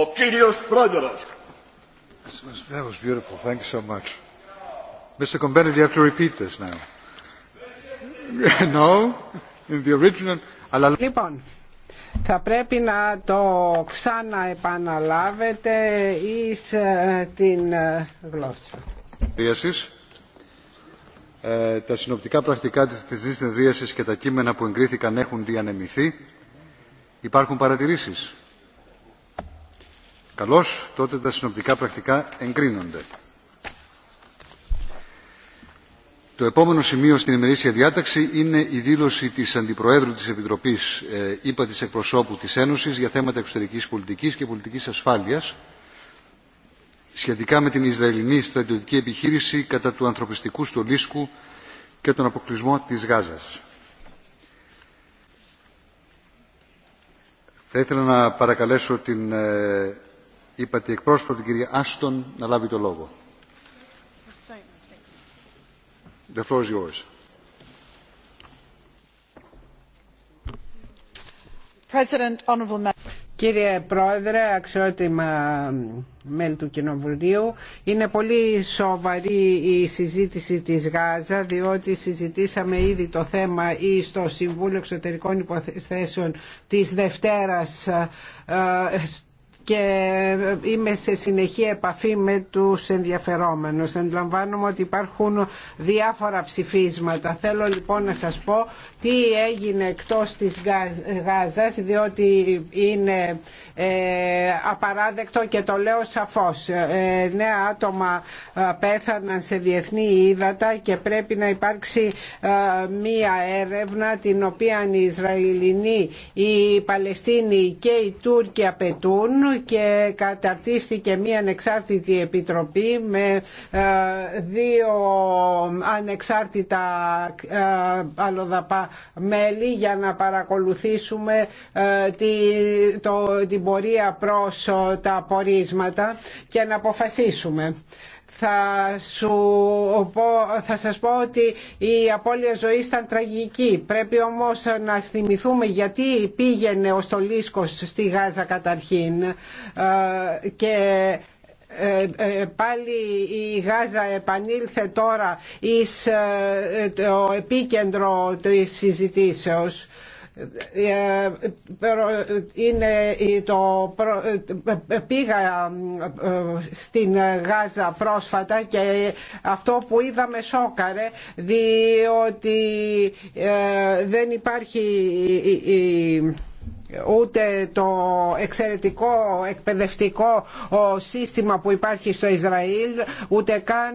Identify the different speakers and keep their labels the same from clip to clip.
Speaker 1: ο κύριος Πρόεδρος.
Speaker 2: That was beautiful. Thank you so much. Mr.
Speaker 3: Combenet, you have to repeat this now. no, in the original. Λοιπόν, θα πρέπει να το ξαναεπαναλάβετε εις ε, την ε,
Speaker 2: γλώσσα. Ε, τα συνοπτικά πρακτικά της θεσμής συνεδρίασης και τα κείμενα που εγκρίθηκαν έχουν διανεμηθεί. Υπάρχουν παρατηρήσεις. Καλώς. Τότε τα συνοπτικά πρακτικά εγκρίνονται. Το επόμενο σημείο στην ημερήσια διάταξη είναι η δήλωση της Αντιπροέδρου της Επιτροπής ΥΠΑ ε, της Εκπροσώπου της Ένωσης για θέματα εξωτερικής πολιτικής και πολιτικής ασφάλειας σχετικά με την Ισραηλινή στρατιωτική επιχείρηση κατά του ανθρωπιστικού στολίσκου και τον αποκλεισμό της Γάζας. Θα ήθελα να παρακαλέσω την ε, είπατε εκπρόσωπο την κυρία Άστον να λάβει το λόγο.
Speaker 3: Κύριε Πρόεδρε, αξιότιμα μέλη του Κοινοβουλίου, είναι πολύ σοβαρή η συζήτηση της Γάζα, διότι συζητήσαμε ήδη το θέμα ή στο Συμβούλιο Εξωτερικών Υποθέσεων της Δευτέρας ε, και είμαι σε συνεχή επαφή με τους ενδιαφερόμενους. Αντιλαμβάνομαι ότι υπάρχουν διάφορα ψηφίσματα. Θέλω λοιπόν να σας πω τι έγινε εκτός της Γάζας διότι είναι ε, απαράδεκτο και το λέω σαφώς. Ε, νέα άτομα ε, πέθαναν σε διεθνή ύδατα και πρέπει να υπάρξει μία έρευνα την οποία οι Ισραηλινοί, οι Παλαιστίνοι και οι Τούρκοι απαιτούν και καταρτίστηκε μία ανεξάρτητη επιτροπή με ε, δύο ανεξάρτητα ε, αλλοδαπά μέλη για να παρακολουθήσουμε ε, το, την πορεία προς τα πορίσματα και να αποφασίσουμε θα, σου, θα σας πω ότι η απώλεια ζωής ήταν τραγική. Πρέπει όμως να θυμηθούμε γιατί πήγαινε ο Στολίσκος στη Γάζα καταρχήν ε, και ε, ε, πάλι η Γάζα επανήλθε τώρα εις το επίκεντρο της συζητήσεως είναι το, πήγα ε, στην Γάζα πρόσφατα και αυτό που είδαμε σόκαρε διότι ε, δεν υπάρχει ούτε το εξαιρετικό εκπαιδευτικό σύστημα που υπάρχει στο Ισραήλ ούτε καν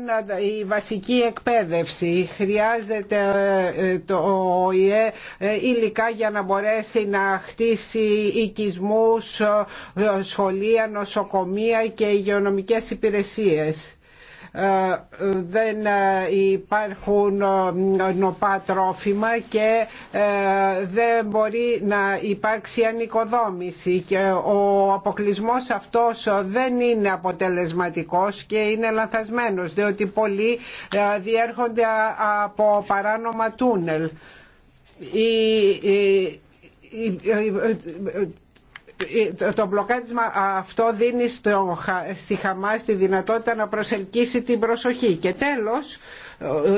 Speaker 3: η βασική εκπαίδευση. Χρειάζεται ε, το ΟΗΕ ε, υλικά για να μπορέσει να χτίσει οικισμούς, ε, σχολεία, νοσοκομεία και υγειονομικές υπηρεσίες ε, δεν ε, υπάρχουν ε, νοπά τρόφιμα και δεν μπορεί να υπάρξει ανοικοδόμηση και ο αποκλεισμός αυτός δεν είναι αποτελεσματικός και είναι λανθασμένος διότι πολλοί διέρχονται από παράνομα τούνελ το μπλοκάρισμα αυτό δίνει στη χαμά τη δυνατότητα να προσελκύσει την προσοχή. Και τέλος,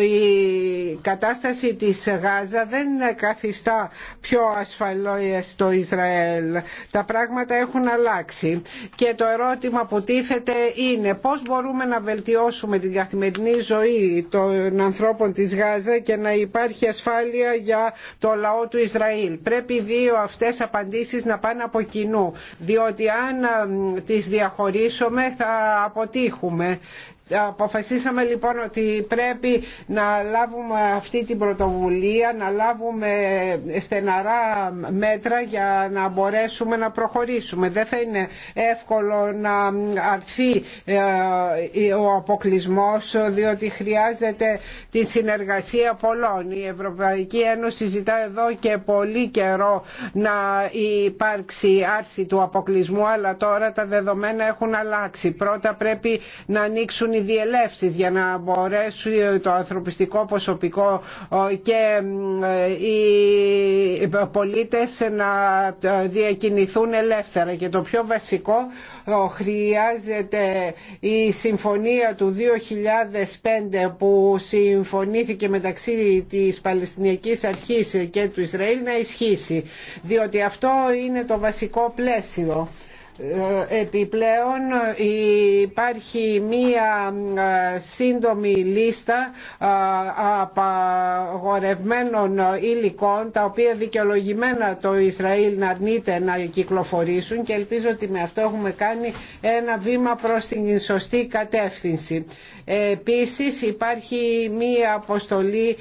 Speaker 3: η κατάσταση της Γάζα δεν καθιστά πιο ασφαλώς το Ισραήλ. Τα πράγματα έχουν αλλάξει και το ερώτημα που τίθεται είναι πώς μπορούμε να βελτιώσουμε την καθημερινή ζωή των ανθρώπων της Γάζα και να υπάρχει ασφάλεια για το λαό του Ισραήλ. Πρέπει δύο αυτές απαντήσεις να πάνε από κοινού, διότι αν τις διαχωρίσουμε θα αποτύχουμε Αποφασίσαμε λοιπόν ότι πρέπει να λάβουμε αυτή την πρωτοβουλία, να λάβουμε στεναρά μέτρα για να μπορέσουμε να προχωρήσουμε. Δεν θα είναι εύκολο να αρθεί ε, ο αποκλεισμό, διότι χρειάζεται τη συνεργασία πολλών. Η Ευρωπαϊκή Ένωση ζητά εδώ και πολύ καιρό να υπάρξει άρση του αποκλεισμού αλλά τώρα τα δεδομένα έχουν αλλάξει. Πρώτα πρέπει να ανοίξουν οι διελεύσεις για να μπορέσουν το ανθρωπιστικό προσωπικό και ε, οι πολίτες να ε, διακινηθούν ελεύθερα και το πιο βασικό χρειάζεται η συμφωνία του 2005 που συμφωνήθηκε μεταξύ της Παλαιστινιακής Αρχής και του Ισραήλ να ισχύσει διότι αυτό είναι το βασικό πλαίσιο ε, επιπλέον ε, υπάρχει μία ε, σύντομη λίστα απαγορευμένων υλικών τα οποία δικαιολογημένα το Ισραήλ να αρνείται να κυκλοφορήσουν και ελπίζω ότι με αυτό έχουμε κάνει ένα βήμα προς την σωστή κατεύθυνση. Επίσης υπάρχει μία αποστολή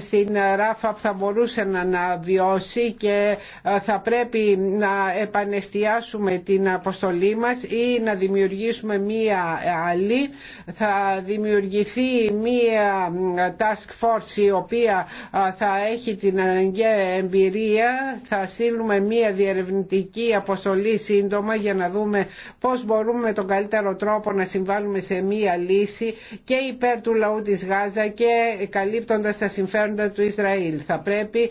Speaker 3: στην Ράφα που θα μπορούσε να αναβιώσει και θα πρέπει να επανεστιάσουμε την αποστολή μας ή να δημιουργήσουμε μία άλλη. Θα δημιουργηθεί μία task force η οποία θα έχει την αναγκαία εμπειρία. Θα στείλουμε μία διερευνητική αποστολή σύντομα για να δούμε πώς μπορούμε με τον καλύτερο τρόπο να συμβάλλουμε σε μία λύση και υπέρ του λαού της Γάζα και καλύπτοντας τα συμφέροντα του Ισραήλ. Θα πρέπει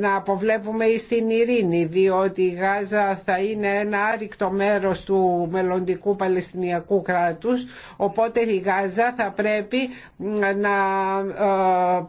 Speaker 3: να αποβλέπουμε στην ειρήνη διότι η Γάζα θα είναι ένα άρρηκτο Μέρο μέρος του μελλοντικού Παλαιστινιακού κράτους οπότε η Γάζα θα πρέπει να ε,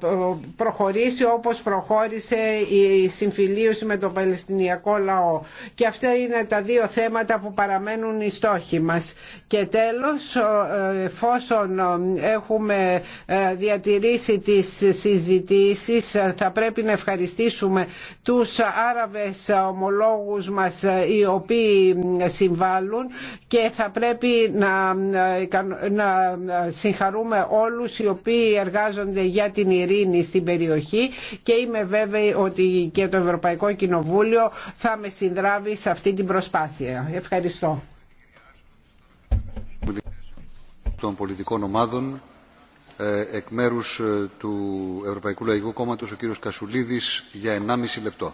Speaker 3: προχωρήσει όπως προχώρησε η συμφιλίωση με τον Παλαιστινιακό λαό και αυτά είναι τα δύο θέματα που παραμένουν οι στόχοι μας και τέλος ε, εφόσον έχουμε ε, διατηρήσει τις συζητήσεις θα πρέπει να ευχαριστήσουμε τους Άραβες ομολόγους μας οι οποίοι συμβάλλουν και θα πρέπει να, να συγχαρούμε όλους οι οποίοι εργάζονται για την ειρήνη στην περιοχή και είμαι βέβαιη ότι και το Ευρωπαϊκό Κοινοβούλιο θα με συνδράβει σε αυτή την προσπάθεια. Ευχαριστώ.
Speaker 2: Των πολιτικών ομάδων ε, εκ ε, του Ευρωπαϊκού Λαϊκού Κόμματος ο κύριος Κασουλίδης για 1,5 λεπτό.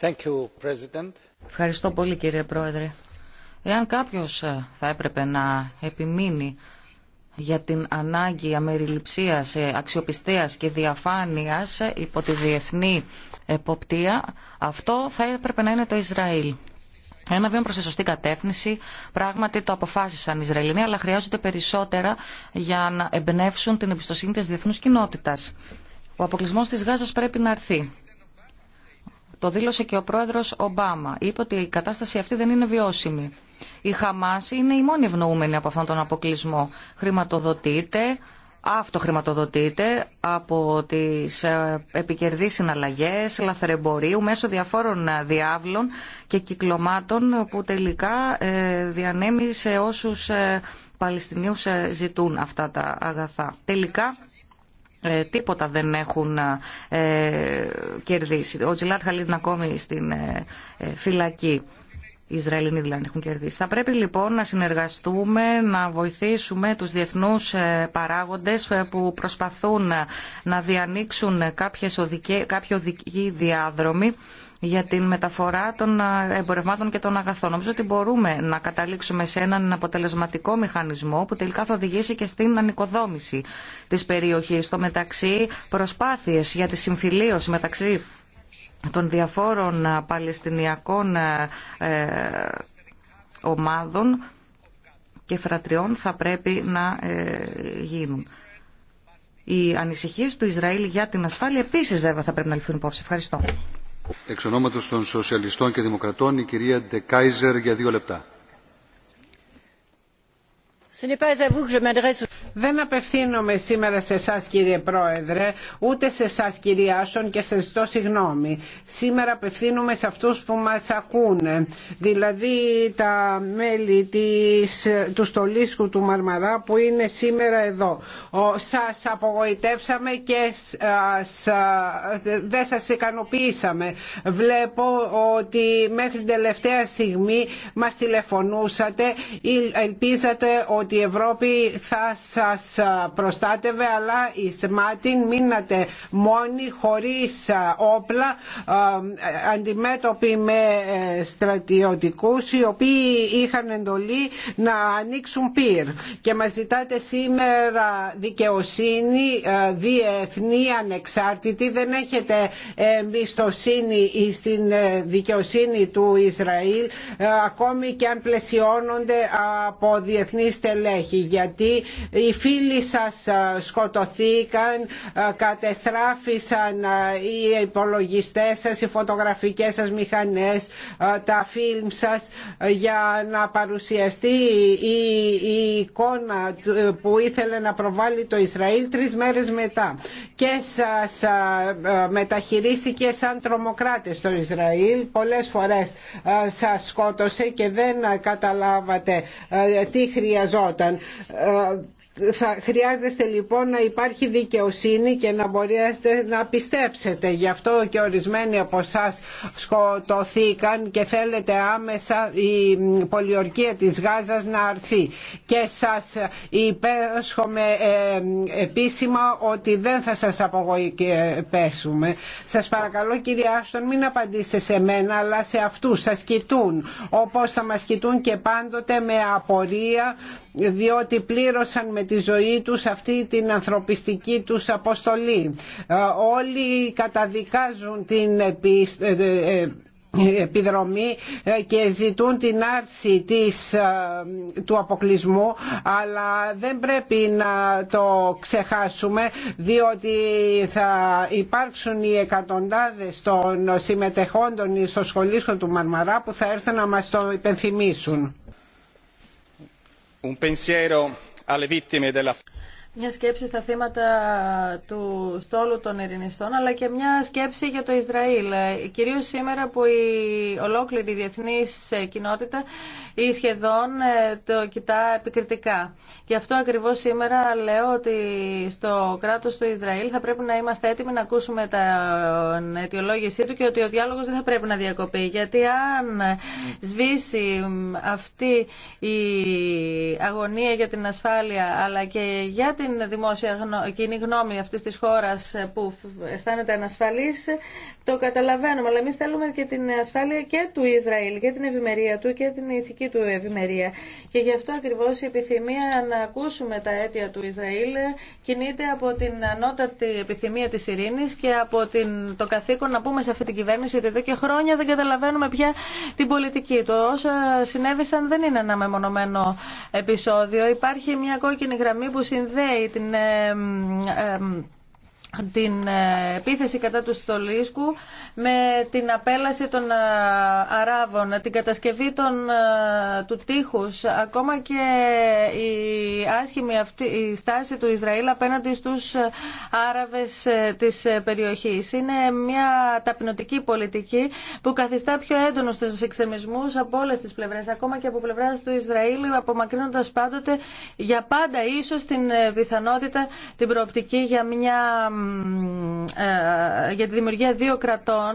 Speaker 4: Thank you, President. Ευχαριστώ πολύ κύριε Πρόεδρε. Εάν κάποιος ε, θα έπρεπε να επιμείνει για την ανάγκη αμεριληψίας, ε, αξιοπιστίας και διαφάνειας ε, υπό τη διεθνή εποπτεία, αυτό θα έπρεπε να είναι το Ισραήλ. Ένα βήμα προ τη σωστή κατεύθυνση. Πράγματι το αποφάσισαν οι Ισραηλοί, αλλά χρειάζονται περισσότερα για να εμπνεύσουν την εμπιστοσύνη τη διεθνού κοινότητα. Ο αποκλεισμό τη Γάζας πρέπει να έρθει. Το δήλωσε και ο πρόεδρος Ομπάμα. Είπε ότι η κατάσταση αυτή δεν είναι βιώσιμη. Η Χαμάς είναι η μόνη ευνοούμενη από αυτόν τον αποκλεισμό. Χρηματοδοτείται, αυτοχρηματοδοτείται από τις ε, επικερδείς συναλλαγές, λαθρεμπορίου, μέσω διαφόρων ε, διάβλων και κυκλωμάτων που τελικά ε, διανέμει σε όσους Παλαιστινίους ζητούν αυτά τα αγαθά. Τελικά ε, τίποτα δεν έχουν ε, ε, κερδίσει. Ο Τζιλάτ Χαλίδ ακόμη στην φυλακή. Οι Ισραηλινοί δηλαδή έχουν κερδίσει. Θα πρέπει λοιπόν να συνεργαστούμε, να βοηθήσουμε τους διεθνούς παράγοντες που προσπαθούν να διανοίξουν κάποιοι οδικοί διάδρομοι για την μεταφορά των ε, εμπορευμάτων και των αγαθών. Νομίζω ότι μπορούμε να καταλήξουμε σε έναν αποτελεσματικό μηχανισμό που τελικά θα οδηγήσει και στην ανοικοδόμηση της περιοχής. Στο μεταξύ προσπάθειες για τη συμφιλίωση μεταξύ των διαφόρων ε, παλαιστινιακών ε, ομάδων και φρατριών θα πρέπει να γίνουν. Οι ανησυχίες του Ισραήλ για την ασφάλεια επίσης βέβαια θα πρέπει να ληφθούν υπόψη. Ευχαριστώ.
Speaker 2: Εξ ονόματος των Σοσιαλιστών και Δημοκρατών, η κυρία Keyser για δύο λεπτά.
Speaker 3: Δεν απευθύνομαι σήμερα σε εσά κύριε Πρόεδρε, ούτε σε εσά κυρία Άσον και σε ζητώ συγγνώμη. Σήμερα απευθύνομαι σε αυτούς που μα ακούνε, δηλαδή τα μέλη της, του στολίσκου του Μαρμαρά που είναι σήμερα εδώ. Σα απογοητεύσαμε και δεν σα ικανοποιήσαμε. Βλέπω ότι μέχρι την τελευταία στιγμή μα τηλεφωνούσατε, ελπίζατε ότι ότι η Ευρώπη θα σας ε, προστάτευε αλλά η Σμάτιν μείνατε μόνοι χωρίς ε, όπλα ε, αντιμέτωποι με στρατιωτικούς οι οποίοι είχαν εντολή να ανοίξουν πυρ και μας ζητάτε σήμερα δικαιοσύνη διεθνή ανεξάρτητη δεν έχετε εμπιστοσύνη στην δικαιοσύνη του Ισραήλ ακόμη και αν πλαισιώνονται από διεθνείς γιατί οι φίλοι σας ε, σκοτωθήκαν, ε, κατεστράφησαν ε, οι υπολογιστέ σας, οι φωτογραφικές σας μηχανές, τα φιλμ σας για να παρουσιαστεί η εικόνα που ήθελε να προβάλλει το Ισραήλ τρεις μέρες μετά και σας μεταχειρίστηκε σαν τρομοκράτες το Ισραήλ πολλές φορές σας σκότωσε και δεν καταλάβατε τι χρειαζόταν γινόταν. Ε, θα χρειάζεστε λοιπόν να υπάρχει δικαιοσύνη και να μπορείτε να πιστέψετε. Γι' αυτό και ορισμένοι από εσά σκοτωθήκαν και θέλετε άμεσα η πολιορκία της Γάζας να αρθεί. Και σας υπέσχομαι ε, επίσημα ότι δεν θα σας απογοητεύσουμε. Σας παρακαλώ κυρία Άστον μην απαντήσετε σε μένα αλλά σε αυτούς σας κοιτούν. Όπως θα μας κοιτούν και πάντοτε με απορία διότι πλήρωσαν με τη ζωή τους αυτή την ανθρωπιστική τους αποστολή. Ε, όλοι καταδικάζουν την ε, ε, επιδρομή και ζητούν την άρση της, του αποκλεισμού αλλά δεν πρέπει να το ξεχάσουμε διότι θα υπάρξουν οι εκατοντάδες των συμμετεχόντων στο σχολείο του Μαρμαρά που θα έρθουν να μας το υπενθυμίσουν
Speaker 5: un pensiero alle vittime della
Speaker 6: μια σκέψη στα θύματα του στόλου των ειρηνιστών, αλλά και μια σκέψη για το Ισραήλ. Ε, κυρίως σήμερα που η ολόκληρη διεθνής ε, κοινότητα ή σχεδόν ε, το κοιτά επικριτικά. Γι' αυτό ακριβώς σήμερα λέω ότι στο κράτος του Ισραήλ θα πρέπει να είμαστε έτοιμοι να ακούσουμε τα αιτιολόγησή του και ότι ο διάλογος δεν θα πρέπει να διακοπεί. Γιατί αν σβήσει αυτή η αγωνία για την ασφάλεια αλλά και για την δημόσια κοινή γνώμη αυτής της χώρας που αισθάνεται ανασφαλής, το καταλαβαίνουμε. Αλλά εμεί θέλουμε και την ασφάλεια και του Ισραήλ και την ευημερία του και την ηθική του ευημερία. Και γι' αυτό ακριβώς η επιθυμία να ακούσουμε τα αίτια του Ισραήλ κινείται από την ανώτατη επιθυμία της ειρήνης και από την, το καθήκον να πούμε σε αυτή την κυβέρνηση ότι εδώ και χρόνια δεν καταλαβαίνουμε πια την πολιτική του. Όσα συνέβησαν δεν είναι ένα μεμονωμένο επεισόδιο. Υπάρχει μια κόκκινη γραμμή που συνδέει ε την ε, την ε, επίθεση κατά του Στολίσκου με την απέλαση των ε, Αράβων, την κατασκευή των, ε, του τείχους, ακόμα και η άσχημη αυτή, η στάση του Ισραήλ απέναντι στους Άραβες της περιοχής. Είναι μια ταπεινωτική πολιτική που καθιστά πιο έντονο στους εξεμισμούς από όλες τις πλευρές, ακόμα και από πλευράς του Ισραήλ, απομακρύνοντας πάντοτε για πάντα ίσως την πιθανότητα, την προοπτική για μια ε, για τη δημιουργία δύο κρατών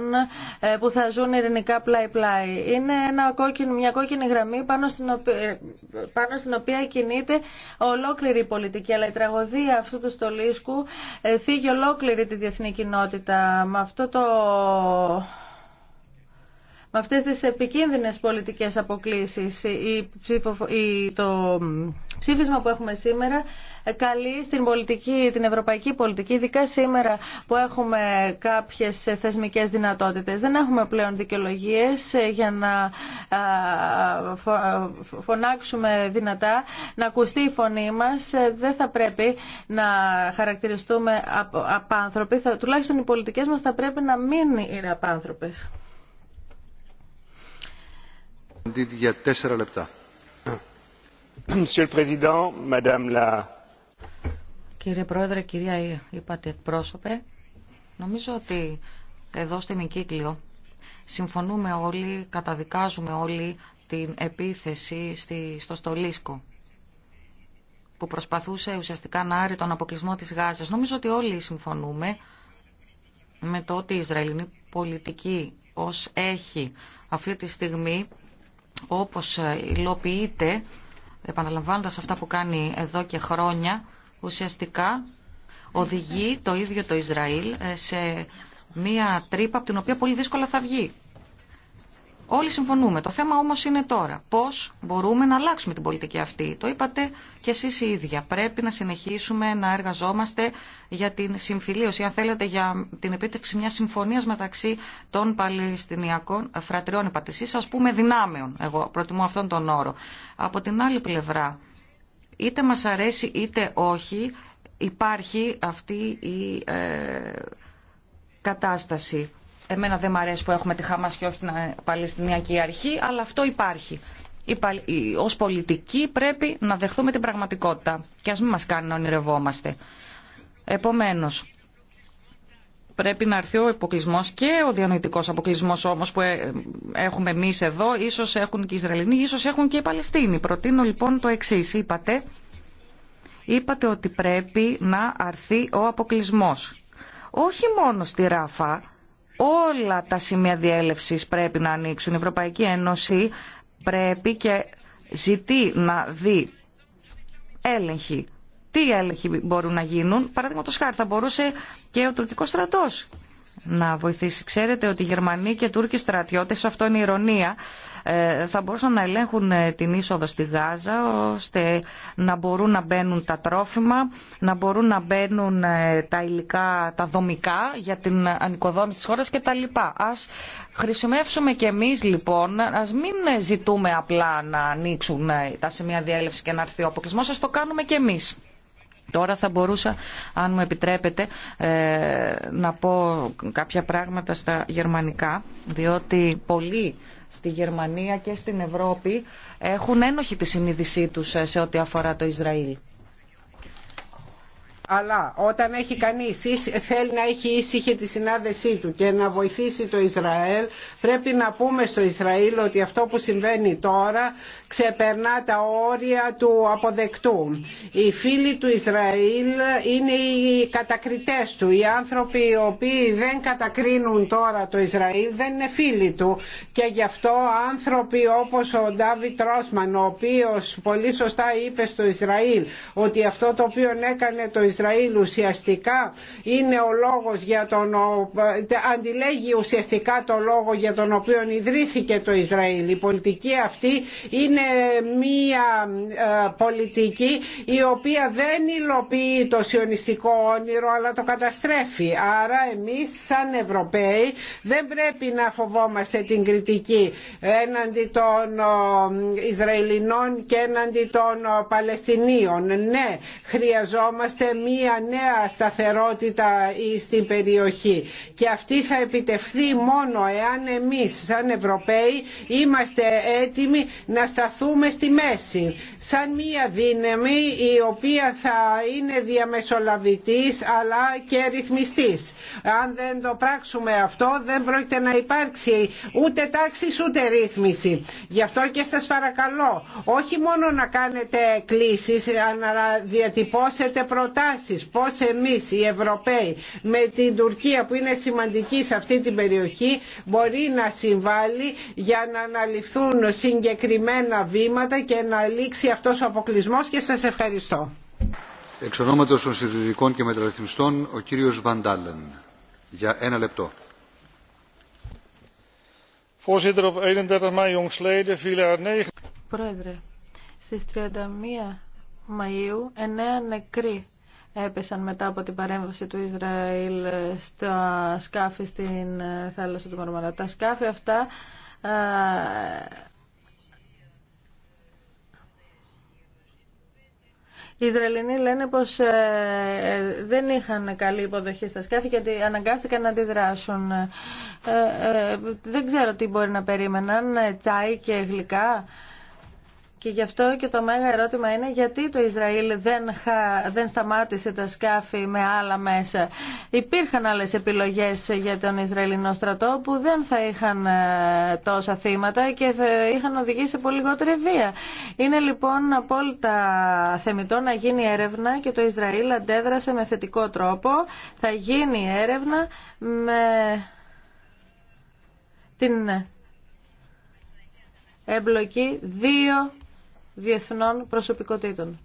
Speaker 6: ε, που θα ζουν ειρηνικά πλάι-πλάι. Είναι ένα μια κόκκινη γραμμή πάνω στην, οποία, πάνω στην οποία κινείται ολόκληρη η πολιτική. Αλλά η τραγωδία αυτού του στολίσκου ε, θίγει ολόκληρη τη διεθνή κοινότητα. Με αυτό το με αυτές τις επικίνδυνες πολιτικές αποκλήσεις. Το ψήφισμα που έχουμε σήμερα καλεί στην πολιτική, την ευρωπαϊκή πολιτική, ειδικά σήμερα που έχουμε κάποιες θεσμικές δυνατότητες. Δεν έχουμε πλέον δικαιολογίες ε, για να φωνάξουμε δυνατά, να ακουστεί η φωνή μας. Ε, δεν θα πρέπει να χαρακτηριστούμε απάνθρωποι. Τουλάχιστον οι πολιτικές μας θα πρέπει να μην είναι απάνθρωπες.
Speaker 4: Κύριε Πρόεδρε, κυρία είπατε πρόσωπε, νομίζω ότι εδώ στη Μικύκλιο συμφωνούμε όλοι, καταδικάζουμε όλοι την επίθεση στο Στολίσκο που προσπαθούσε ουσιαστικά να άρει τον αποκλεισμό της Γάζας. Νομίζω ότι όλοι συμφωνούμε με το ότι η Ισραηλινή πολιτική ως έχει αυτή τη στιγμή όπως υλοποιείται, επαναλαμβάνοντας αυτά που κάνει εδώ και χρόνια, ουσιαστικά οδηγεί το ίδιο το Ισραήλ ε, σε μία τρύπα από την οποία πολύ δύσκολα θα βγει. Όλοι συμφωνούμε. Το θέμα όμως είναι τώρα. Πώς μπορούμε να αλλάξουμε την πολιτική αυτή. Το είπατε και εσείς οι ίδια. Πρέπει να συνεχίσουμε να εργαζόμαστε για την συμφιλίωση, αν θέλετε, για την επίτευξη μια συμφωνίας μεταξύ των Παλαιστινιακών φρατριών εσεί, α πούμε δυνάμεων. Εγώ προτιμώ αυτόν τον όρο. Από την άλλη πλευρά, είτε μα αρέσει είτε όχι, υπάρχει αυτή η ε, κατάσταση Εμένα δεν μ' αρέσει που έχουμε τη Χαμάς και όχι την Παλαιστινιακή Αρχή, αλλά αυτό υπάρχει. Ω πολιτικοί πρέπει να δεχθούμε την πραγματικότητα και α μην μα κάνει να ονειρευόμαστε. Επομένω. πρέπει να έρθει ο υποκλεισμό και ο διανοητικό αποκλεισμό όμω που ε, έχουμε εμεί εδώ, ίσω έχουν και οι Ισραηλοί, ίσω έχουν και οι Παλαιστίνοι. Προτείνω λοιπόν το εξή. Είπατε, είπατε ότι πρέπει να αρθεί ο αποκλεισμό. Όχι μόνο στη Ράφα, όλα τα σημεία διέλευσης πρέπει να ανοίξουν. Η Ευρωπαϊκή Ένωση πρέπει και ζητεί να δει έλεγχοι. Τι έλεγχοι μπορούν να γίνουν. Παραδείγματος χάρη θα μπορούσε και ο τουρκικός στρατός να βοηθήσει. Ξέρετε ότι οι Γερμανοί και οι Τούρκοι στρατιώτες, αυτό είναι ηρωνία, ε, θα μπορούσαν να ελέγχουν ε, την είσοδο στη Γάζα ώστε να μπορούν να μπαίνουν τα τρόφιμα, να μπορούν να μπαίνουν ε, τα υλικά, τα δομικά για την ανοικοδόμηση τη χώρα κτλ. Ας χρησιμεύσουμε κι εμείς λοιπόν, α μην ζητούμε απλά να ανοίξουν τα σημεία διέλευση και να έρθει ο αποκλεισμό α το κάνουμε κι εμεί. Τώρα θα μπορούσα, αν μου επιτρέπετε, ε, να πω κάποια πράγματα στα γερμανικά, διότι πολλοί στη Γερμανία και στην Ευρώπη έχουν ένοχη τη συνείδησή τους ε, σε ό,τι αφορά το Ισραήλ.
Speaker 3: Αλλά όταν έχει κανείς, θέλει να έχει ήσυχη τη συνάδεσή του και να βοηθήσει το Ισραήλ, πρέπει να πούμε στο Ισραήλ ότι αυτό που συμβαίνει τώρα ξεπερνά τα όρια του αποδεκτού. Οι φίλοι του Ισραήλ είναι οι κατακριτές του. Οι άνθρωποι οι οποίοι δεν κατακρίνουν τώρα το Ισραήλ δεν είναι φίλοι του. Και γι' αυτό άνθρωποι όπως ο Ντάβιτ Ρόσμαν ο οποίος πολύ σωστά είπε στο Ισραήλ ότι αυτό το οποίο έκανε το Ισραήλ ουσιαστικά είναι ο λόγος για τον αντιλέγει ουσιαστικά το λόγο για τον οποίο ιδρύθηκε το Ισραήλ. Η πολιτική αυτή είναι μία ε, πολιτική η οποία δεν υλοποιεί το σιωνιστικό όνειρο αλλά το καταστρέφει. Άρα εμείς σαν Ευρωπαίοι δεν πρέπει να φοβόμαστε την κριτική έναντι των ε, Ισραηλινών και έναντι των ε, Παλαιστινίων. Ναι, χρειαζόμαστε μία νέα σταθερότητα στην περιοχή και αυτή θα επιτευχθεί μόνο εάν εμείς σαν Ευρωπαίοι είμαστε έτοιμοι να σταθούμε σταθούμε στη μέση σαν μία δύναμη η οποία θα είναι διαμεσολαβητής αλλά και ρυθμιστής. Αν δεν το πράξουμε αυτό δεν πρόκειται να υπάρξει ούτε τάξη ούτε ρύθμιση. Γι' αυτό και σας παρακαλώ όχι μόνο να κάνετε κλήσεις να διατυπώσετε προτάσεις πώς εμείς οι Ευρωπαίοι με την Τουρκία που είναι σημαντική σε αυτή την περιοχή μπορεί να συμβάλλει για να αναλυφθούν συγκεκριμένα βήματα και να λήξει αυτός ο αποκλεισμός και σας ευχαριστώ.
Speaker 2: Εξ ονόματος των συντηρητικών και μεταρρυθμιστών, ο κύριος Βαντάλεν. Για ένα λεπτό. Er
Speaker 6: Πρόεδρε, στις 31 Μαΐου, 9 νεκροί έπεσαν μετά από την παρέμβαση του Ισραήλ στα σκάφη στην ε, θάλασσα του Μαρμαρά. Τα σκάφη αυτά ε, Οι Ισραηλινοί λένε πως ε, δεν είχαν καλή υποδοχή στα σκάφη γιατί αναγκάστηκαν να αντιδράσουν. Ε, ε, δεν ξέρω τι μπορεί να περίμεναν, τσάι και γλυκά. Και γι' αυτό και το μέγα ερώτημα είναι γιατί το Ισραήλ δεν, δεν σταμάτησε τα σκάφη με άλλα μέσα. Υπήρχαν άλλες επιλογές για τον Ισραηλινό στρατό που δεν θα είχαν ε, τόσα θύματα και θα είχαν οδηγήσει σε πολύ λιγότερη βία. Είναι λοιπόν απόλυτα θεμητό να γίνει έρευνα και το Ισραήλ αντέδρασε με θετικό τρόπο. Θα γίνει έρευνα με την εμπλοκή δύο διεθνών προσωπικότητων.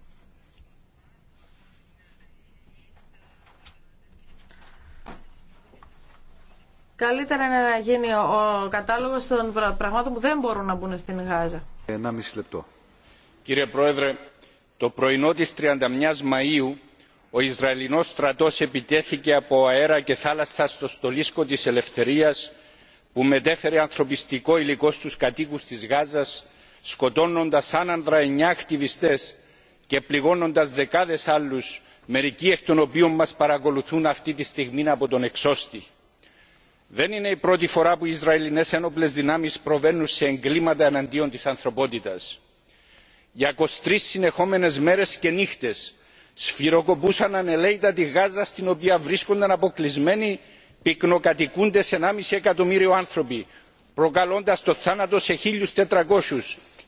Speaker 6: Καλύτερα είναι να γίνει ο κατάλογος των πραγμάτων που δεν μπορούν να μπουν στην Γάζα.
Speaker 2: μισή λεπτό.
Speaker 5: Κύριε Πρόεδρε, το πρωινό της 31 Μαΐου ο Ισραηλινός στρατός επιτέθηκε από αέρα και θάλασσα στο στολίσκο της Ελευθερίας που μετέφερε ανθρωπιστικό υλικό στους κατοίκους της Γάζας σκοτώνοντας άνανδρα εννιά ακτιβιστές και πληγώνοντας δεκάδες άλλους μερικοί εκ των οποίων μας παρακολουθούν αυτή τη στιγμή από τον εξώστη. δεν είναι η πρώτη φορά που οι ισραηλινές ένοπλες δυνάμεις προβαίνουν σε εγκλήματα εναντίον της ανθρωπότητας. για 23 συνεχόμενες μέρες και νύχτες σφυροκοπούσαν ανελέητα τη γάζα στην οποία βρίσκονταν αποκλεισμένοι πυκνοκατοικούντες 1,5 εκατομμύριο άνθρωποι Προκαλώντα το θάνατο σε 1.400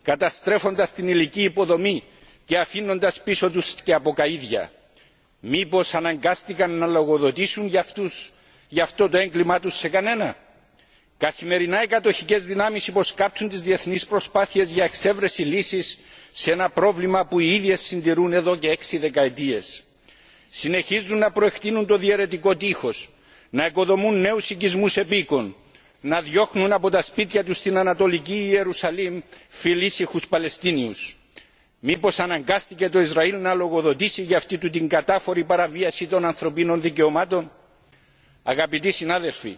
Speaker 5: καταστρέφοντα την ηλική υποδομή και αφήνοντα πίσω του και αποκαΐδια. μήπω αναγκάστηκαν να λογοδοτήσουν για, αυτό το έγκλημά του σε κανένα. Καθημερινά οι κατοχικέ δυνάμεις υποσκάπτουν τι διεθνεί προσπάθειε για εξέβρεση λύση σε ένα πρόβλημα που οι ίδιες συντηρούν εδώ και έξι δεκαετίε. Συνεχίζουν να προεκτείνουν το διαιρετικό τείχος, να οικοδομούν νέου οικισμού επίκων, να διώχνουν από τα σπίτια τους στην Ανατολική Ιερουσαλήμ φιλήσυχους Παλαιστίνιους. Μήπως αναγκάστηκε το Ισραήλ να λογοδοτήσει για αυτή του την κατάφορη παραβίαση των ανθρωπίνων δικαιωμάτων. Αγαπητοί συνάδελφοι,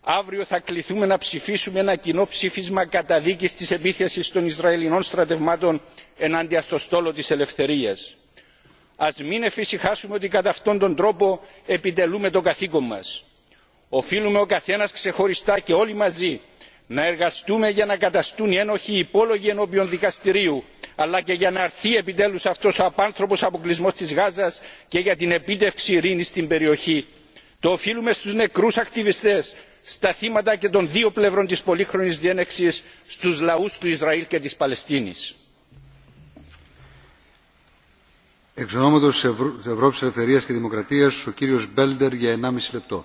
Speaker 5: αύριο θα κληθούμε να ψηφίσουμε ένα κοινό ψήφισμα καταδίκης της επίθεσης των Ισραηλινών στρατευμάτων ενάντια στο στόλο της ελευθερίας. Ας μην εφησυχάσουμε ότι κατά αυτόν τον τρόπο επιτελούμε το καθήκον οφείλουμε ο καθένας ξεχωριστά και όλοι μαζί να εργαστούμε για να καταστούν οι ένοχοι υπόλογοι ενώπιον δικαστηρίου αλλά και για να αρθεί επιτέλους αυτός ο απάνθρωπος αποκλεισμός της γάζας και για την επίτευξη ειρήνης στην περιοχή. το οφείλουμε στους νεκρούς ακτιβιστές στα θύματα και των δύο πλευρών της πολύχρονης διένεξης στους λαούς του ισραήλ και της παλαιστίνης.
Speaker 2: Εξ ονόματος Ευρώπης και Δημοκρατία, ο κύριο Μπέλντερ για 1,5 λεπτό.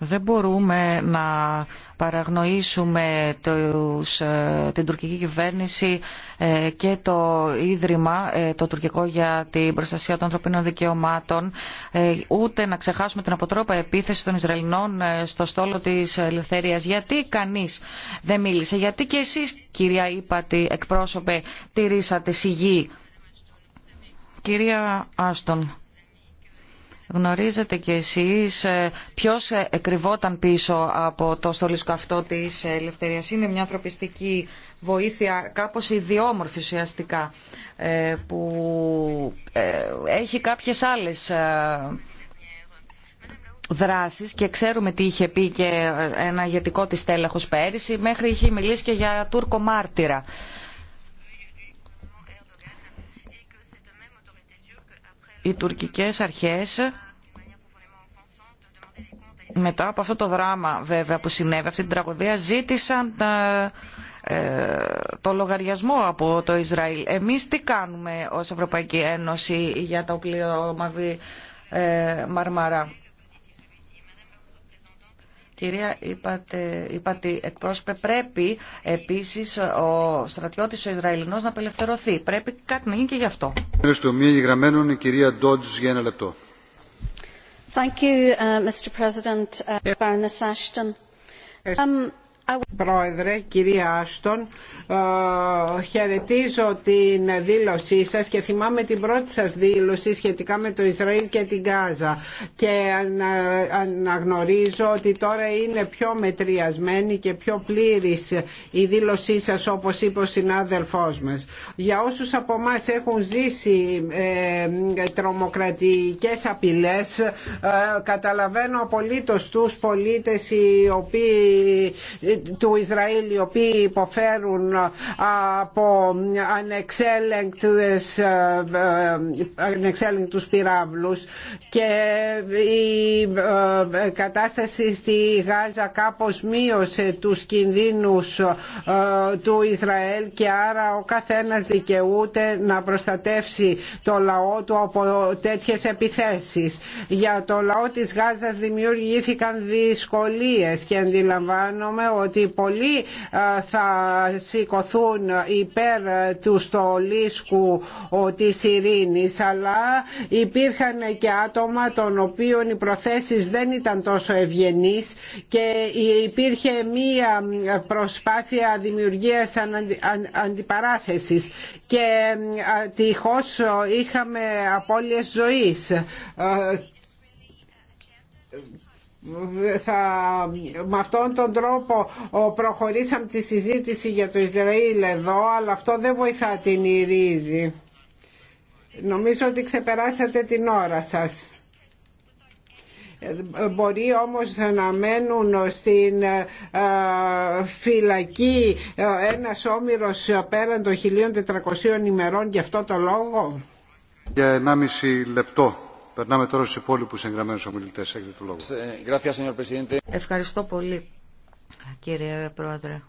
Speaker 4: Δεν μπορούμε να παραγνωρίσουμε ε, την τουρκική κυβέρνηση ε, και το Ίδρυμα, ε, το τουρκικό για την προστασία των ανθρωπίνων δικαιωμάτων, ούτε να ξεχάσουμε την αποτρόπα επίθεση των Ισραηλινών στο στόλο της ελευθερίας. Γιατί κανείς δεν μίλησε, γιατί και εσείς κυρία Ήπατη εκπρόσωπε τηρήσατε σιγή. Κυρία Άστον, Γνωρίζετε κι εσείς ε, ποιος ε, εκρυβόταν πίσω από το στολίσκο αυτό της ε, ελευθερίας. Είναι μια ανθρωπιστική βοήθεια κάπως ιδιόμορφη ουσιαστικά που έχει κάποιες άλλες δράσεις και ξέρουμε τι είχε πει και ένα ηγετικό της τέλεχος πέρυσι μέχρι είχε μιλήσει και για Τούρκο μάρτυρα. οι τουρκικές αρχές μετά από αυτό το δράμα βέβαια που συνέβη, αυτή την τραγωδία, ζήτησαν ε, ε, το λογαριασμό από το Ισραήλ. Εμείς τι κάνουμε ως Ευρωπαϊκή Ένωση για το πλοίο ε, Μαρμαρά. Κυρία, είπατε, είπατε εκπρόσωπε, πρέπει επίσης ο στρατιώτης ο Ισραηλινός να απελευθερωθεί. Πρέπει κάτι να γίνει και γι' αυτό.
Speaker 2: Ευχαριστώ. μία η κυρία Ντότζ για ένα λεπτό.
Speaker 3: Thank you, uh, Mr. President, uh, Baroness Ashton. Um, Πρόεδρε, κυρία Άστον, ε, χαιρετίζω την δήλωσή σας και θυμάμαι την πρώτη σας δήλωση σχετικά με το Ισραήλ και την Γάζα και αναγνωρίζω ότι τώρα είναι πιο μετριασμένη και πιο πλήρης η δήλωσή σας όπως είπε ο συνάδελφός μας. Για όσους από εμά έχουν ζήσει ε, τρομοκρατικές απειλές ε, καταλαβαίνω απολύτως τους πολίτες οι οποίοι του Ισραήλ οι οποίοι υποφέρουν ε, από ανεξέλεγκτες, ε, ε, ανεξέλεγκτους πυράβλους και η κατάσταση στη Γάζα κάπως μείωσε τους κινδύνους του Ισραήλ και άρα ο καθένας δικαιούται να προστατεύσει το λαό του από τέτοιες επιθέσεις. Για το λαό της Γάζας δημιουργήθηκαν δυσκολίες και αντιλαμβάνομαι ότι ότι πολλοί θα σηκωθούν υπέρ του στολίσκου της ειρήνης αλλά υπήρχαν και άτομα των οποίων οι προθέσεις δεν ήταν τόσο ευγενείς και υπήρχε μία προσπάθεια δημιουργίας αντιπαράθεσης και τυχώς είχαμε απώλειες ζωής θα, με αυτόν τον τρόπο προχωρήσαμε τη συζήτηση για το Ισραήλ εδώ, αλλά αυτό δεν βοηθά την Ιρίζη Νομίζω ότι ξεπεράσατε την ώρα σας. Μπορεί όμως να μένουν στην ε, φυλακή ε, ένας όμηρος πέραν των 1400 ημερών για αυτό το λόγο.
Speaker 2: Για 1,5 λεπτό. Περνάμε τώρα στους υπόλοιπους εγγραμμένους ομιλητές. Έχετε το λόγο.
Speaker 4: Ευχαριστώ πολύ κύριε Πρόεδρε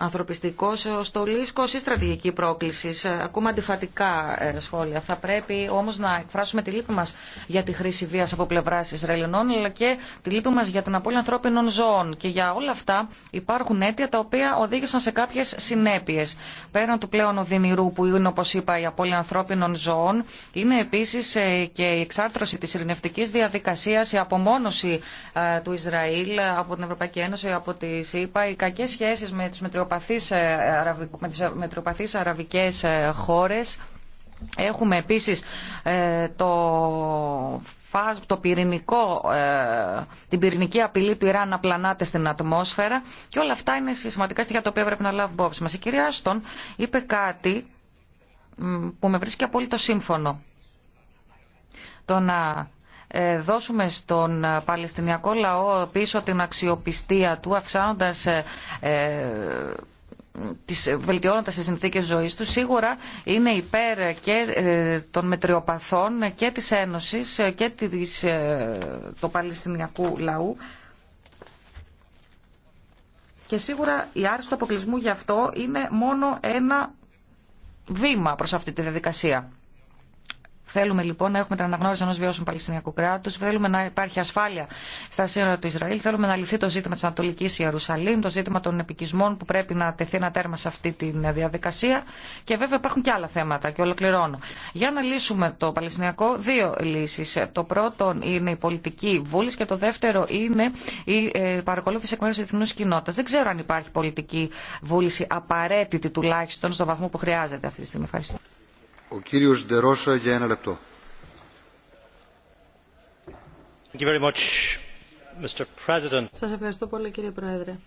Speaker 4: ανθρωπιστικό στολίσκο ή στρατηγική πρόκληση. Ε, ακούμε αντιφατικά ε, σχόλια. Θα πρέπει όμω να εκφράσουμε τη λύπη μα για τη χρήση βία από πλευρά Ισραηλινών αλλά και τη λύπη μα για την απώλεια ανθρώπινων ζώων. Και για όλα αυτά υπάρχουν αίτια τα οποία οδήγησαν σε κάποιε συνέπειε. Πέραν του πλέον οδυνηρού που είναι όπω είπα η απώλεια ανθρώπινων ζώων είναι επίσης ε, και η εξάρθρωση τη ειρηνευτική διαδικασία, η απομόνωση του Ισραήλ από την Ευρωπαϊκή Ένωση, από τι ΗΠΑ, οι κακέ σχέσει με του ε, με τις ε, μετροπαθείς αραβικές ε, χώρες. Έχουμε επίσης το, το πυρηνικό, την πυρηνική απειλή του Ιράν να πλανάται στην ατμόσφαιρα και όλα αυτά είναι σημαντικά στοιχεία τα οποία πρέπει να λάβουμε υπόψη μας. Η κυρία Άστον είπε κάτι που με βρίσκει απόλυτο σύμφωνο. Το να ε, δώσουμε στον ε, Παλαιστινιακό λαό πίσω την αξιοπιστία του αυξάνοντας ε, τις, βελτιώνοντας τις συνθήκες ζωής του σίγουρα είναι υπέρ και των μετριοπαθών και της Ένωσης και της, του Παλαιστινιακού λαού και σίγουρα η άρση του αποκλεισμού γι' αυτό είναι μόνο ένα βήμα προς αυτή τη διαδικασία. Θέλουμε λοιπόν να έχουμε την αναγνώριση ενό βιώσιμου Παλαιστινιακού κράτου. Θέλουμε να υπάρχει ασφάλεια στα σύνορα του Ισραήλ. Θέλουμε να λυθεί το ζήτημα τη Ανατολική Ιερουσαλήμ, το ζήτημα των επικισμών που πρέπει να τεθεί ένα τέρμα σε αυτή τη διαδικασία. Και βέβαια υπάρχουν και άλλα θέματα και ολοκληρώνω. Για να λύσουμε το Παλαιστινιακό, δύο λύσει. Το πρώτο είναι η πολιτική βούληση και το δεύτερο είναι η ε, παρακολούθηση εκ μέρου τη διεθνού κοινότητα. Δεν ξέρω αν υπάρχει πολιτική βούληση απαραίτητη τουλάχιστον στο βαθμό που χρειάζεται αυτή τη στιγμή. Ευχαριστώ.
Speaker 2: Ο κύριος για ένα λεπτό.
Speaker 6: ευχαριστώ πολύ κύριε Πρόεδρε.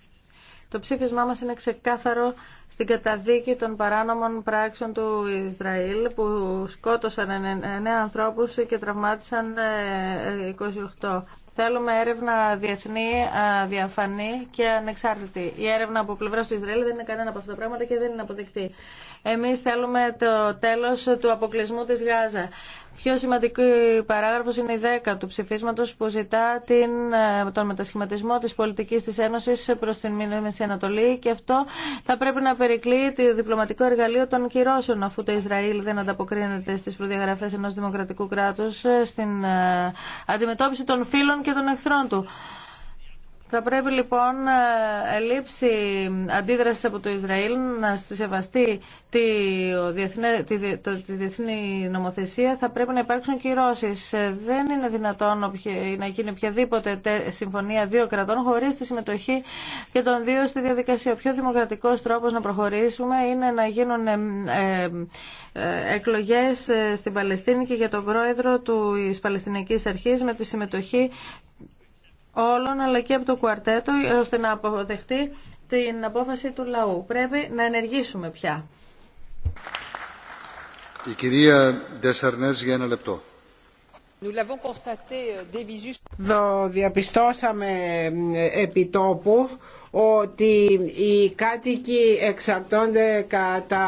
Speaker 6: Το ψήφισμά μας είναι ξεκάθαρο στην καταδίκη των παράνομων πράξεων του Ισραήλ που σκότωσαν 9 ανθρώπους και τραυμάτισαν 28. Ε, Θέλουμε έρευνα διεθνή, διαφανή και ανεξάρτητη. Η έρευνα από πλευρά του Ισραήλ δεν είναι κανένα από αυτά τα πράγματα και δεν είναι αποδεκτή. Εμείς θέλουμε το τέλος του αποκλεισμού της Γάζα. Πιο σημαντικό παράγραφος είναι η 10 του ψηφίσματος που ζητά την, ε, τον μετασχηματισμό της πολιτικής της Ένωση προ την Μέση Ανατολή και αυτό θα πρέπει να περικλεί το διπλωματικό εργαλείο των κυρώσεων αφού το Ισραήλ δεν ανταποκρίνεται στις προδιαγραφέ ενό δημοκρατικού κράτου ε, στην ε, αντιμετώπιση των φίλων και των εχθρών του. Θα πρέπει λοιπόν ε, λήψη αντίδραση από το Ισραήλ να σεβαστεί τη, διεθνή, τη, το, διεθνή νομοθεσία. Θα πρέπει να υπάρξουν κυρώσει. Ε, δεν είναι δυνατόν να γίνει οποιαδήποτε συμφωνία δύο κρατών χωρίς τη συμμετοχή και των δύο στη διαδικασία. Ο πιο δημοκρατικός τρόπος να προχωρήσουμε είναι να γίνουν ε, εκλογέ στην Παλαιστίνη και για τον πρόεδρο τη Παλαιστινική Αρχή με τη συμμετοχή όλων αλλά και από το κουαρτέτο ώστε να αποδεχτεί την απόφαση του λαού. Πρέπει να ενεργήσουμε πια.
Speaker 2: Η κυρία για ένα λεπτό.
Speaker 3: Euh, το διαπιστώσαμε επί τόπου ότι οι κάτοικοι εξαρτώνται κατά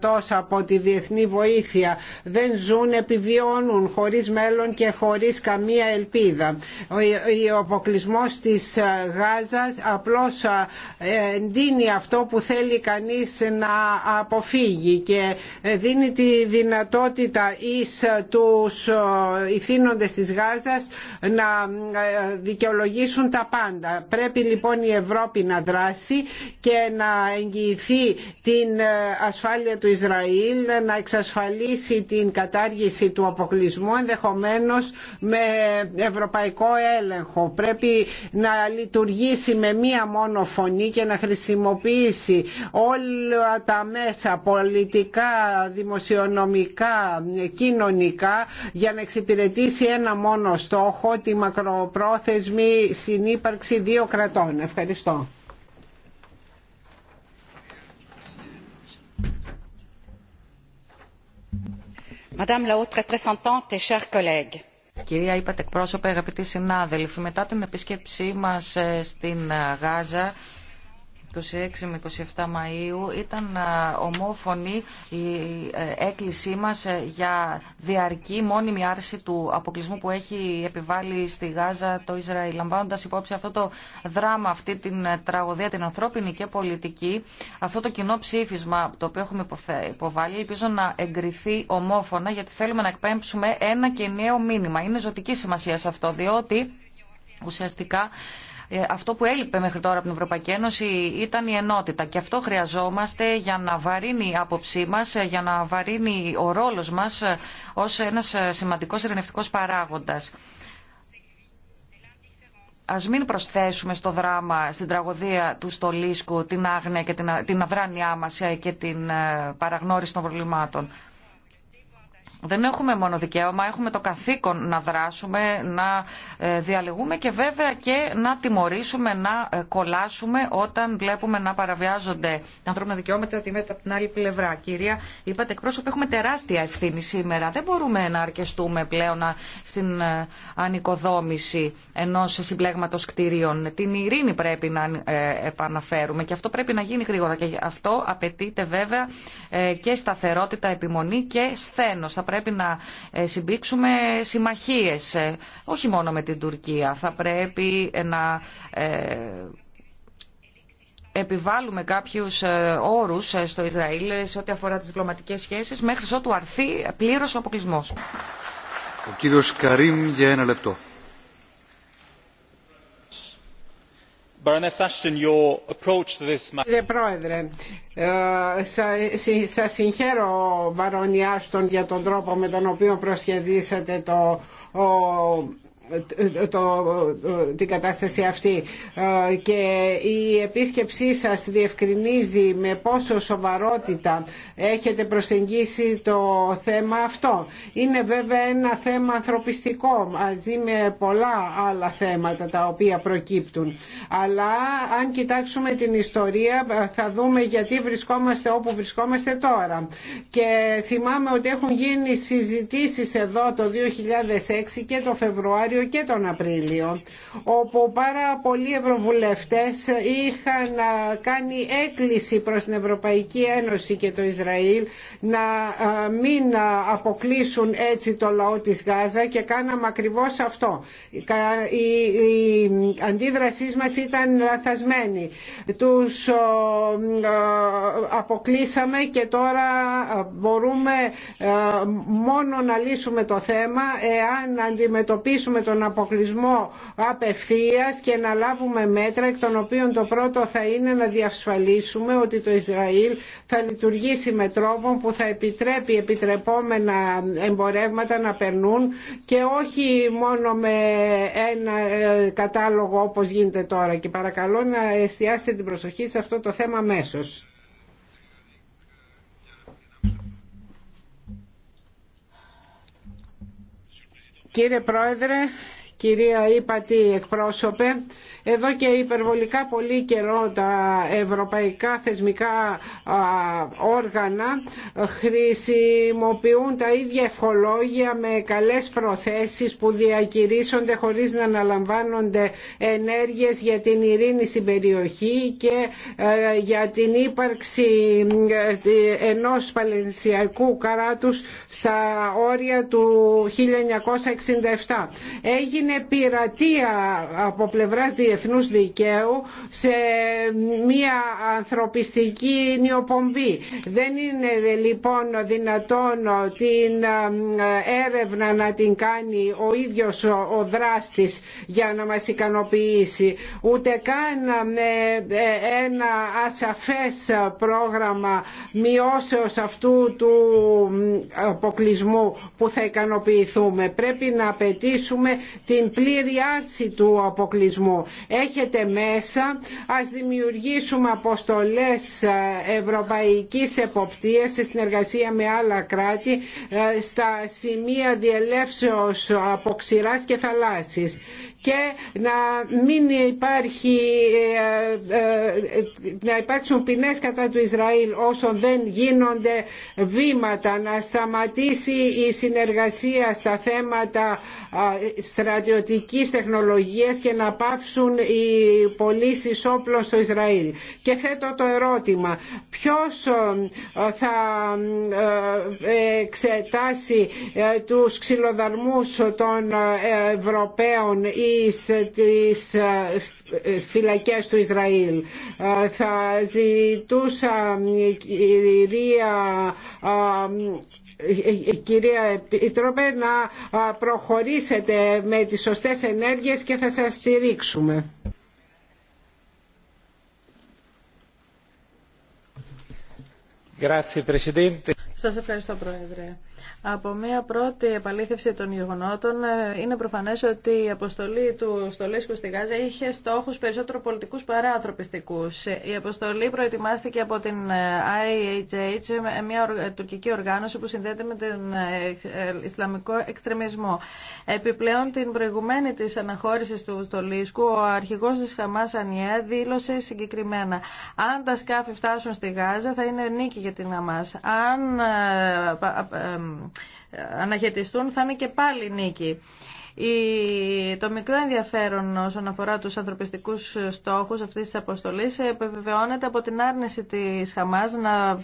Speaker 3: 80% από τη διεθνή βοήθεια. Δεν ζουν, επιβιώνουν χωρίς μέλλον και χωρίς καμία ελπίδα. Ο αποκλεισμό της ε, Γάζας απλώς δίνει ε, αυτό που θέλει κανείς να αποφύγει και ε, δίνει τη δυνατότητα εις τους ηθήνοντες της Γάζας να δικαιολογήσουν τα πάντα. Πρέπει λοιπόν λοιπόν η Ευρώπη να δράσει και να εγγυηθεί την ε, ασφάλεια του Ισραήλ, να εξασφαλίσει την κατάργηση του αποκλεισμού ενδεχομένως με ευρωπαϊκό έλεγχο. Πρέπει να λειτουργήσει με μία μόνο φωνή και να χρησιμοποιήσει όλα τα μέσα πολιτικά, δημοσιονομικά, κοινωνικά για να εξυπηρετήσει ένα μόνο στόχο, τη μακροπρόθεσμη συνύπαρξη δύο κρατών. Ευχαριστώ. Madame la Haute Représentante
Speaker 4: et chers collègues. Κυρία είπατε εκπρόσωπε, αγαπητοί συνάδελφοι, μετά την επίσκεψή μας ε, στην ε, Γάζα 26 με 27 Μαΐου ήταν ομόφωνη η ε, έκκλησή μας ε, για διαρκή μόνιμη άρση του αποκλεισμού που έχει επιβάλει στη Γάζα το Ισραήλ. Λαμβάνοντα υπόψη αυτό το δράμα, αυτή την ε, τραγωδία, την ανθρώπινη και πολιτική, αυτό το κοινό ψήφισμα το οποίο έχουμε υποβάλει, ελπίζω να εγκριθεί ομόφωνα γιατί θέλουμε να εκπέμψουμε ένα και νέο μήνυμα. Είναι ζωτική σημασία σε αυτό, διότι ουσιαστικά ε, αυτό που έλειπε μέχρι τώρα από την Ευρωπαϊκή Ένωση ήταν η ενότητα και αυτό χρειαζόμαστε για να βαρύνει η άποψή μα, ε, για να βαρύνει ο ρόλο μας ε, ως ένα σημαντικός ειρηνευτικό παράγοντας. Ας μην προσθέσουμε στο δράμα, στην τραγωδία του Στολίσκου, την άγνοια και την, την μα και την παραγνώριση των προβλημάτων δεν έχουμε μόνο δικαίωμα, έχουμε το καθήκον να δράσουμε, να ε, διαλεγούμε και βέβαια και να τιμωρήσουμε, να ε, κολλάσουμε όταν βλέπουμε να παραβιάζονται ανθρώπινα δικαιώματα ότι από την άλλη πλευρά. Κυρία, είπατε εκπρόσωποι, έχουμε τεράστια ευθύνη σήμερα. Δεν μπορούμε να αρκεστούμε πλέον στην ε, ανοικοδόμηση ενό συμπλέγματο κτηρίων. Την ειρήνη πρέπει να επαναφέρουμε και αυτό πρέπει να γίνει γρήγορα. Και αυτό απαιτείται βέβαια και σταθερότητα, επιμονή και σθένος πρέπει να ε, συμπήξουμε συμμαχίες, ε, όχι μόνο με την Τουρκία. Θα πρέπει ε, να επιβάλλουμε κάποιους όρους στο Ισραήλ σε ό,τι αφορά τις διπλωματικές σχέσεις μέχρι ότου αρθεί πλήρως ο αποκλεισμός.
Speaker 2: Ο κύριος Καρίμ για ένα λεπτό.
Speaker 6: Κύριε
Speaker 3: Πρόεδρε, ε, σας συγχαίρω, Βαρονιά, για τον τρόπο με τον οποίο προσχεδίσατε το το, την κατάσταση αυτή ε, και η επίσκεψή σας διευκρινίζει με πόσο σοβαρότητα έχετε προσεγγίσει το θέμα αυτό. Είναι βέβαια ένα θέμα ανθρωπιστικό μαζί με πολλά άλλα θέματα τα οποία προκύπτουν. Αλλά αν κοιτάξουμε την ιστορία θα δούμε γιατί βρισκόμαστε όπου βρισκόμαστε τώρα. Και θυμάμαι ότι έχουν γίνει συζητήσεις εδώ το 2006 και το Φεβρουάριο και τον Απρίλιο όπου πάρα πολλοί ευρωβουλευτές είχαν κάνει έκκληση προς την Ευρωπαϊκή Ένωση και το Ισραήλ να μην αποκλείσουν έτσι το λαό της Γάζα και κάναμε ακριβώς αυτό. Η αντίδρασή μας ήταν λαθασμένη. Τους αποκλείσαμε και τώρα μπορούμε μόνο να λύσουμε το θέμα εάν αντιμετωπίσουμε τον αποκλεισμό απευθείας και να λάβουμε μέτρα εκ των οποίων το πρώτο θα είναι να διασφαλίσουμε ότι το Ισραήλ θα λειτουργήσει με τρόπο που θα επιτρέπει επιτρεπόμενα εμπορεύματα να περνούν και όχι μόνο με ένα ε, κατάλογο όπως γίνεται τώρα και παρακαλώ να εστιάσετε την προσοχή σε αυτό το θέμα αμέσως. Κύριε Πρόεδρε, κυρία Ήπατη εκπρόσωπε. Εδώ και υπερβολικά πολύ καιρό τα ευρωπαϊκά θεσμικά όργανα χρησιμοποιούν τα ίδια ευχολόγια με καλές προθέσεις που διακηρύσσονται χωρίς να αναλαμβάνονται ενέργειες για την ειρήνη στην περιοχή και ε, για την ύπαρξη ε, ενός παλαισιακού καράτους στα όρια του 1967. Έγινε είναι πειρατεία από πλευράς διεθνούς δικαίου σε μια ανθρωπιστική νιοπομπή. Δεν είναι λοιπόν δυνατόν την ε, έρευνα να την κάνει ο ίδιος ο δράστης για να μας ικανοποιήσει ούτε καν με ε, ένα ασαφές πρόγραμμα μειώσεως αυτού του αποκλεισμού που θα ικανοποιηθούμε. Πρέπει να απαιτήσουμε την πλήρη άρση του αποκλεισμού. Έχετε μέσα, ας δημιουργήσουμε αποστολές ε, ευρωπαϊκής εποπτείας σε συνεργασία με άλλα κράτη ε, στα σημεία διελεύσεως από και θαλάσσης και να μην υπάρχει, ε, ε, ε, να υπάρξουν ποινές κατά του Ισραήλ όσο δεν γίνονται βήματα, να σταματήσει η συνεργασία στα θέματα στρατιωτικής τεχνολογίας και να πάψουν οι πωλήσει όπλων στο Ισραήλ. Και θέτω το ερώτημα, ποιος θα εξετάσει τους ξυλοδαρμούς των Ευρωπαίων τις ε, φυλακέ του Ισραήλ. Ε, θα ζητούσα ε, κυρία κυρία Επίτροπε να προχωρήσετε με τις σωστές ενέργειες και θα σας στηρίξουμε.
Speaker 6: Σας ευχαριστώ Πρόεδρε. Από μια πρώτη επαλήθευση των γεγονότων ε, είναι προφανές ότι η αποστολή του Στολίσκου στη Γάζα είχε στόχους περισσότερο πολιτικούς παρά ανθρωπιστικούς. Ε, η αποστολή προετοιμάστηκε από την ε, IHH, μια τουρκική οργάνωση που συνδέεται με τον Ισλαμικό Εκστρεμισμό. Επιπλέον την προηγουμένη της αναχώρησης του Στολίσκου, ο αρχηγός της Χαμάς Ανιέ δήλωσε συγκεκριμένα αν τα σκάφη φτάσουν στη Γάζα θα είναι νίκη για την Χαμάς. Αν αναχαιτιστούν θα είναι και πάλι νίκη. Το μικρό ενδιαφέρον όσον αφορά τους ανθρωπιστικούς στόχους αυτής της αποστολής επιβεβαιώνεται από την άρνηση της Χαμάς να,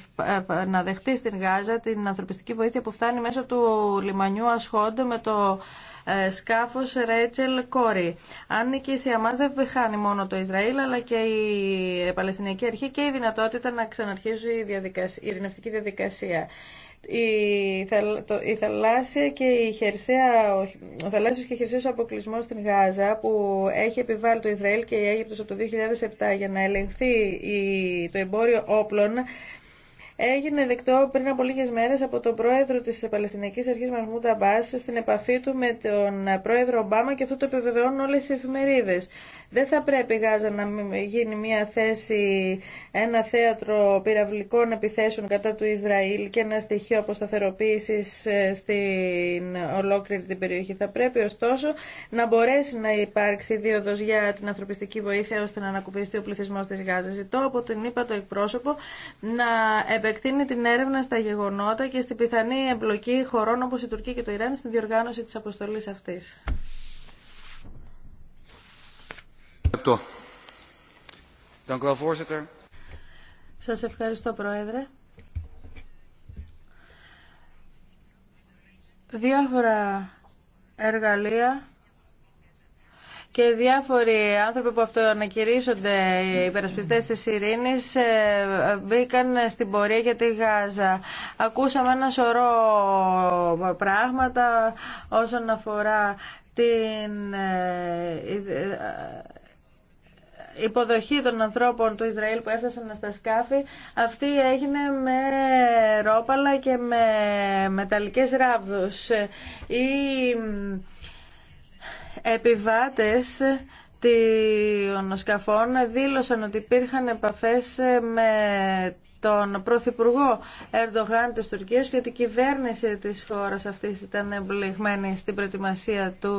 Speaker 6: να δεχτεί στην Γάζα την ανθρωπιστική βοήθεια που φτάνει μέσω του λιμανιού Ασχόντ με το ε, σκάφος Ρέτσελ Κόρι. Αν νικήσει η Αμάς δεν χάνει μόνο το Ισραήλ αλλά και η Παλαιστινιακή Αρχή και η δυνατότητα να ξαναρχίζει η, διαδικασία, η ειρηνευτική διαδικασία η, θαλάσσια και η χερσαία, ο θαλάσσιος και χερσαίος αποκλεισμός στην Γάζα που έχει επιβάλει το Ισραήλ και η Αίγυπτος από το 2007 για να ελεγχθεί το εμπόριο όπλων έγινε δεκτό πριν από λίγες μέρες από τον πρόεδρο της Παλαιστινιακής Αρχής Μαχμούντα Μπάς στην επαφή του με τον πρόεδρο Ομπάμα και αυτό το επιβεβαιώνουν όλες οι εφημερίδες. Δεν θα πρέπει η Γάζα να γίνει μια θέση, ένα θέατρο πυραυλικών επιθέσεων κατά του Ισραήλ και ένα στοιχείο αποσταθεροποίηση ε, στην ολόκληρη την περιοχή. Θα πρέπει ωστόσο να μπορέσει να υπάρξει δίωδο για την ανθρωπιστική βοήθεια ώστε να ανακουφιστεί ο πληθυσμό τη Γάζα. Ζητώ από την είπα το εκπρόσωπο να επεκτείνει την έρευνα στα γεγονότα και στην πιθανή εμπλοκή χωρών όπω η Τουρκία και το Ιράν στην διοργάνωση τη αποστολή αυτή. Σας ευχαριστώ, Πρόεδρε. Διάφορα εργαλεία και διάφοροι άνθρωποι που αυτοανακηρύσσονται οι υπερασπιστές της ειρήνης ε, μπήκαν στην πορεία για τη Γάζα. Ακούσαμε ένα σωρό πράγματα όσον αφορά την ε, ε, υποδοχή των ανθρώπων του Ισραήλ που έφτασαν στα σκάφη, αυτή έγινε με ρόπαλα και με μεταλλικές ράβδους. Οι επιβάτες των σκαφών δήλωσαν ότι υπήρχαν επαφές με τον Πρωθυπουργό Ερντογάν της Τουρκίας και ότι η κυβέρνηση της χώρας αυτής ήταν εμπλεγμένη στην προετοιμασία του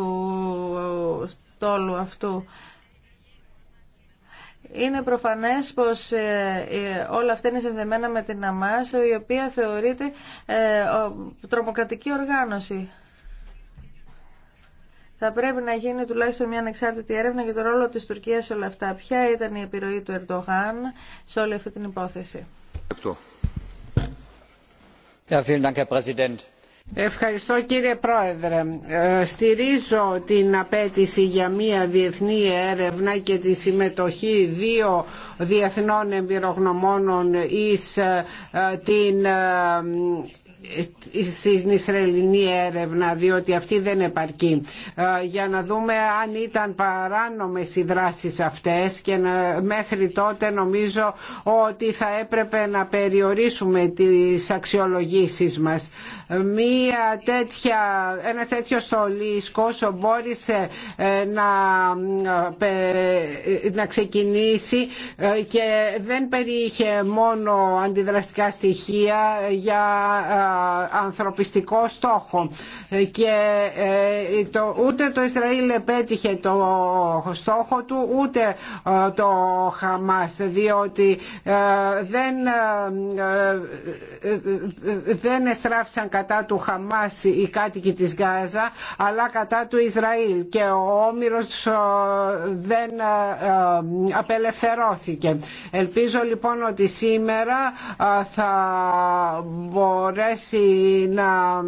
Speaker 6: στόλου αυτού. Είναι προφανές πως ε, ε, όλα αυτά είναι συνδεμένα με την ΑΜΑΣ, η οποία θεωρείται ε, τρομοκρατική οργάνωση. Θα πρέπει να γίνει τουλάχιστον μια ανεξάρτητη έρευνα για το ρόλο της Τουρκίας σε όλα αυτά. Ποια ήταν η επιρροή του Ερντογάν σε όλη αυτή την υπόθεση.
Speaker 3: vielen Dank, Herr Ευχαριστώ κύριε Πρόεδρε. Ε, στηρίζω την απέτηση για μία διεθνή έρευνα και τη συμμετοχή δύο διεθνών εμπειρογνωμόνων εις ε, την ε, στην Ισραηλινή έρευνα διότι αυτή δεν επαρκεί ε, για να δούμε αν ήταν παράνομες οι δράσεις αυτές και μέχρι τότε νομίζω ότι θα έπρεπε να περιορίσουμε τις αξιολογήσεις μας. Μία τέτοια, ένα τέτοιο στολίσκος μπόρεσε ε, να, ε, να ξεκινήσει και δεν περιείχε μόνο αντιδραστικά στοιχεία για ανθρωπιστικό στόχο και ε, το, ούτε το Ισραήλ επέτυχε το στόχο του ούτε ε, το Χαμάς διότι ε, δεν, δεν εστράφησαν κατά του Χαμάς οι κάτοικοι της Γάζα αλλά κατά του Ισραήλ και ο Όμηρος δεν απελευθερώθηκε. Ελπίζω λοιπόν ότι σήμερα θα μπορέσει μπορέσει να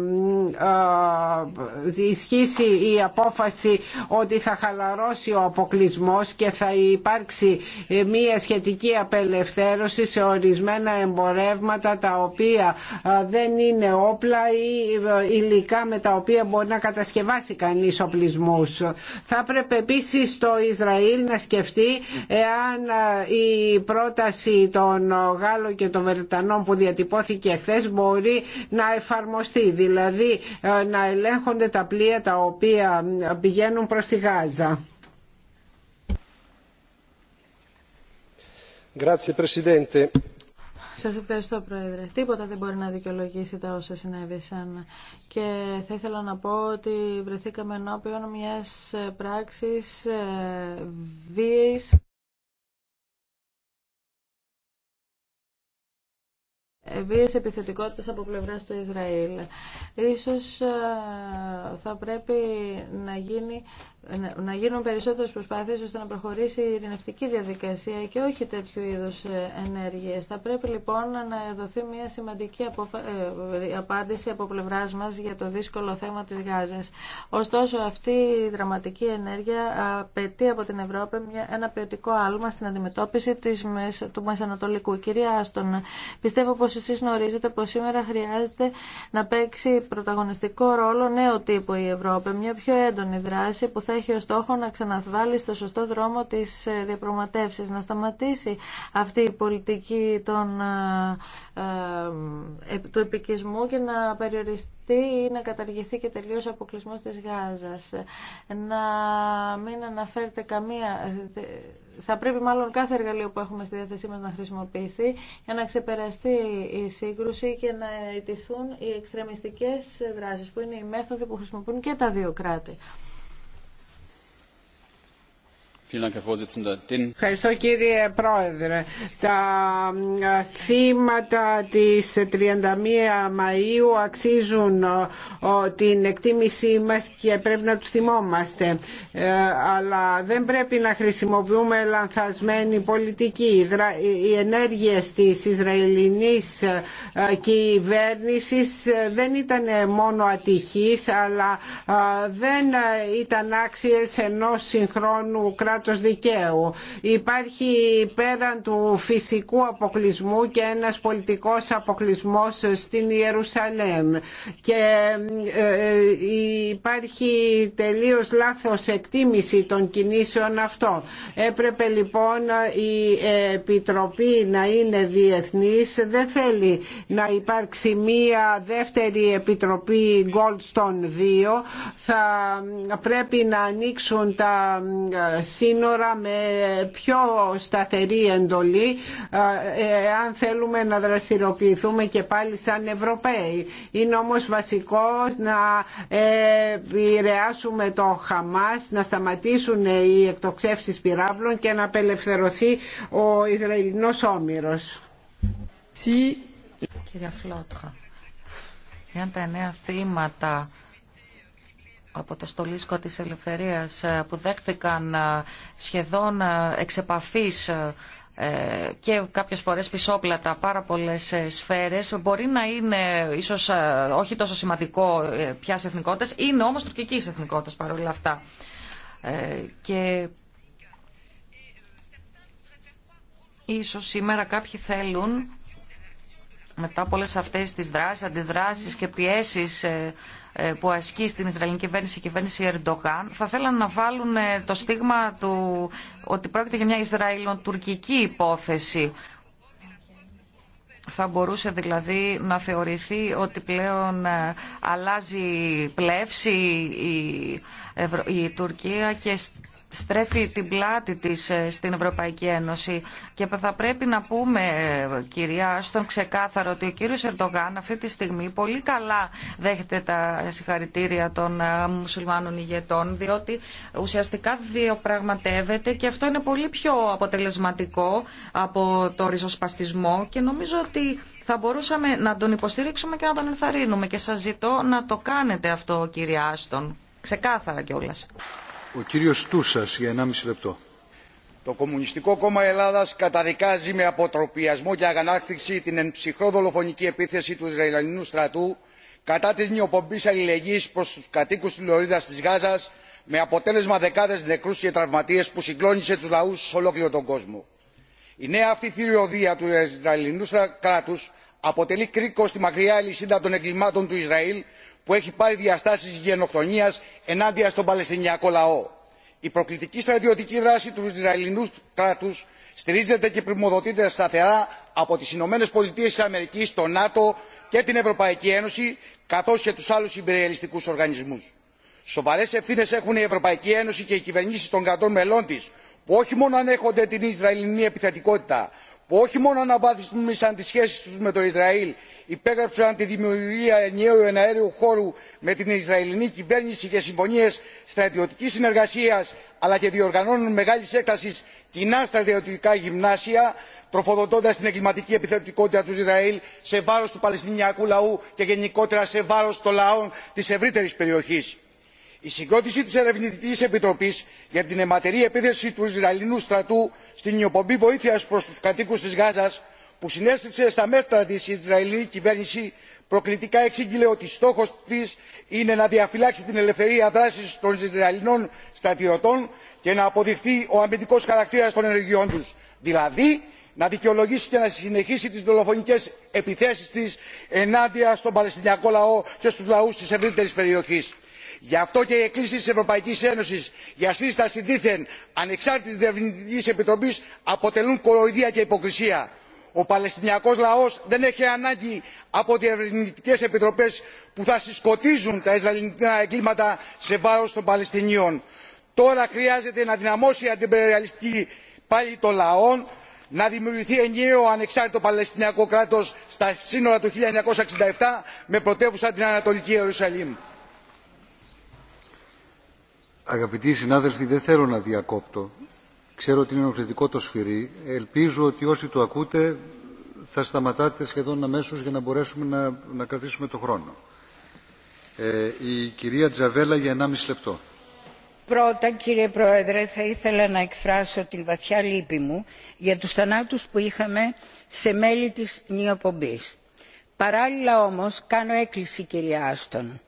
Speaker 3: ισχύσει η απόφαση ότι θα χαλαρώσει ο αποκλεισμός και θα υπάρξει μια σχετική απελευθέρωση σε ορισμένα εμπορεύματα τα οποία δεν είναι όπλα ή υλικά με τα οποία μπορεί να κατασκευάσει κανείς οπλισμούς. Θα έπρεπε επίσης το Ισραήλ να σκεφτεί εάν η πρόταση των Γάλλων και των Βερτανών που διατυπώθηκε χθε μπορεί να εφαρμοστεί, δηλαδή ε, να ελέγχονται τα πλοία τα οποία ε, πηγαίνουν προς τη Γάζα.
Speaker 2: Grazie,
Speaker 3: σας ευχαριστώ
Speaker 6: Πρόεδρε. Τίποτα δεν μπορεί να δικαιολογήσει τα όσα συνέβησαν. Και θα ήθελα να πω ότι βρεθήκαμε ενώπιον μιας πράξης ε, βίαιης Ε, βίες επιθετικότητα από πλευράς του Ισραήλ. Ίσως ε, θα πρέπει να γίνει να γίνουν περισσότερες προσπάθειες ώστε να προχωρήσει η ειρηνευτική διαδικασία και όχι τέτοιου είδους ε, ενέργειες. Θα πρέπει λοιπόν να δοθεί μια σημαντική ε, απάντηση από πλευράς μας για το δύσκολο θέμα της Γάζας. Ωστόσο αυτή η δραματική ενέργεια απαιτεί από την Ευρώπη ένα ποιοτικό άλμα στην αντιμετώπιση της, του Μεσανατολικού. Κυρία Άστον, πιστεύω πως εσείς γνωρίζετε πως σήμερα χρειάζεται να παίξει πρωταγωνιστικό ρόλο νέο τύπο η Ευρώπη, μια πιο έντονη δράση θα έχει ως στόχο να ξαναβάλει στο σωστό δρόμο τις ε, διαπραγματεύσεις, να σταματήσει αυτή η πολιτική των, ε, ε, ε, του επικισμού και να περιοριστεί ή να καταργηθεί και τελείως ο αποκλεισμός της Γάζας. Να μην αναφέρεται καμία... Θα πρέπει μάλλον κάθε εργαλείο που έχουμε στη διάθεσή μας να χρησιμοποιηθεί για να ξεπεραστεί η σύγκρουση και να ετηθούν οι εξτρεμιστικές δράσεις που είναι οι μέθοδοι που χρησιμοποιούν και τα δύο
Speaker 3: κράτη.
Speaker 5: Ευχαριστώ
Speaker 3: κύριε Πρόεδρε. Τα ε, θύματα της 31 Μαΐου αξίζουν ε, την εκτίμησή μας και πρέπει να τους θυμόμαστε. Ε, αλλά δεν πρέπει να χρησιμοποιούμε λανθασμένη πολιτική. Οι ενέργειες της Ισραηλινής κυβέρνησης δεν ήταν μόνο ατυχής αλλά δεν ήταν άξιες ενός συγχρόνου κράτους κράτος δικαίου. Υπάρχει πέραν του φυσικού αποκλεισμού και ένας πολιτικός αποκλεισμός στην Ιερουσαλέμ και ε, ε, υπάρχει τελείως λάθος εκτίμηση των κινήσεων αυτό. Έπρεπε λοιπόν η Επιτροπή να είναι διεθνής, δεν θέλει να υπάρξει μία δεύτερη Επιτροπή Goldstone 2, θα πρέπει να ανοίξουν τα ε, σύνορα με πιο σταθερή εντολή αν ε, θέλουμε να δραστηριοποιηθούμε και πάλι σαν Ευρωπαίοι. Είναι όμως βασικό να ε, επηρεάσουμε το Χαμάς, να σταματήσουν οι εκτοξεύσεις πυράβλων και να απελευθερωθεί ο Ισραηλινός Όμηρος. Κυρία Φλότχα,
Speaker 4: για τα νέα θύματα από το στολίσκο της ελευθερίας ε, που δέχθηκαν ε, σχεδόν ε, εξ επαφής και κάποιες φορές πισόπλατα πάρα πολλές σφαίρες μπορεί να είναι ίσως όχι τόσο σημαντικό ποια εθνικότητας είναι όμως τουρκικής εθνικότητας παρόλα αυτά και ίσως σήμερα κάποιοι θέλουν μετά από όλες αυτές τις δράσεις, αντιδράσεις και πιέσεις ε, που ασκεί στην Ισραηλινή κυβέρνηση η κυβέρνηση Ερντογάν θα θέλαν να βάλουν ε, το στίγμα του ότι πρόκειται για μια Ισραηλοτουρκική υπόθεση. Θα μπορούσε δηλαδή να θεωρηθεί ότι πλέον ε, αλλάζει πλεύση η, Τουρκία και στρέφει την πλάτη της ε, στην Ευρωπαϊκή Ένωση και θα πρέπει να πούμε ε, κυρία Άστον ξεκάθαρο ότι ο κύριος Ερντογάν αυτή τη στιγμή πολύ καλά δέχεται τα συγχαρητήρια των ε, μουσουλμάνων ηγετών διότι ουσιαστικά διοπραγματεύεται και αυτό είναι πολύ πιο αποτελεσματικό από το ριζοσπαστισμό και νομίζω ότι θα μπορούσαμε να τον υποστηρίξουμε και να τον ενθαρρύνουμε και σας ζητώ να το κάνετε αυτό κυρία Άστον ξεκάθαρα κιόλας.
Speaker 2: Ο κύριος για 1,5 λεπτό. Το Κομμουνιστικό
Speaker 1: Κόμμα Ελλάδας καταδικάζει με αποτροπιασμό και αγανάκτηση την εμψυχρό δολοφονική επίθεση του Ισραηλινού στρατού κατά της νιοπομπής αλληλεγγύης προς τους κατοίκους της Λωρίδας της Γάζας με αποτέλεσμα δεκάδες νεκρούς και τραυματίες που συγκλώνησε τους λαούς σε ολόκληρο τον κόσμο. Η νέα αυτή θηριωδία του Ισραηλινού κράτους αποτελεί κρίκο στη μακριά αλυσίδα των εγκλημάτων του Ισραήλ που έχει πάρει διαστάσεις γενοκτονίας ενάντια στον παλαιστινιακό λαό. η προκλητική στρατιωτική δράση του ισραηλινού κράτους στηρίζεται και πρημοδοτείται σταθερά από τις Ηνωμένε Πολιτείε της αμερικής το νατο και την ευρωπαϊκή ένωση καθώς και τους άλλους ιμπεριαλιστικούς οργανισμούς. σοβαρές ευθύνε έχουν η ευρωπαϊκή ένωση και οι κυβερνήσει των κρατών μελών τη, που όχι μόνο ανέχονται την ισραηλινή επιθετικότητα που όχι μόνο αναβάθμισαν τις σχέσεις τους με το ισραήλ υπέγραψαν τη δημιουργία ενιαίου εναέριου χώρου με την ισραηλινή κυβέρνηση και συμφωνίες στρατιωτικής συνεργασίας αλλά και διοργανώνουν μεγάλης έκτασης κοινά στρατιωτικά γυμνάσια τροφοδοτώντας την εγκληματική επιθετικότητα του ισραήλ σε βάρος του παλαιστινιακού λαού και γενικότερα σε βάρος των λαών της ευρύτερης περιοχής η συγκρότηση της ερευνητικής επιτροπής για την αιματερή επίθεση του ισραηλινού στρατού στην ιοπομπή βοήθεια προς τους κατοίκους της γάζας που συνέστησε στα μέτρα της η ισραηλινή κυβέρνηση προκλητικά εξήγηλε ότι στόχος της είναι να διαφυλάξει την ελευθερία δράσης των ισραηλινών στρατιωτών και να αποδειχθεί ο αμυντικός χαρακτήρας των ενεργειών τους δηλαδή να δικαιολογήσει και να συνεχίσει τις δολοφονικές επιθέσεις της ενάντια στον παλαιστινιακό λαό και στους λαούς της ευρύτερη περιοχής γι' αυτό και οι εκκλήση της ευρωπαϊκής ένωσης για σύσταση δήθεν ανεξάρτητη διευθυντική επιτροπής αποτελούν κοροϊδία και υποκρισία. ο Παλαιστινιακό λαό δεν έχει ανάγκη από διερευνητικές επιτροπέ που θα συσκοτίζουν τα ισραηλινά εγκλήματα σε βάρο των παλαιστινίων. τώρα χρειάζεται να δυναμώσει η αντιπεριαλιστική πάλι των λαών να δημιουργηθεί ενιαίο ανεξάρτητο παλαιστινιακό κράτος στα σύνορα του 1967 με πρωτεύουσα την Ανατολική Ιερουσαλήμ.
Speaker 2: Αγαπητοί συνάδελφοι, δεν θέλω να διακόπτω. Ξέρω ότι είναι ενοχλητικό το σφυρί. Ελπίζω ότι όσοι το ακούτε θα σταματάτε σχεδόν αμέσω για να μπορέσουμε να, να κρατήσουμε το χρόνο. Ε, η κυρία Τζαβέλα για 1,5 λεπτό.
Speaker 7: Πρώτα, κύριε Πρόεδρε, θα ήθελα να εκφράσω την βαθιά λύπη μου για τους θανάτους που είχαμε σε μέλη της νιοπομπής. Παράλληλα όμως κάνω έκκληση κυρία Άστον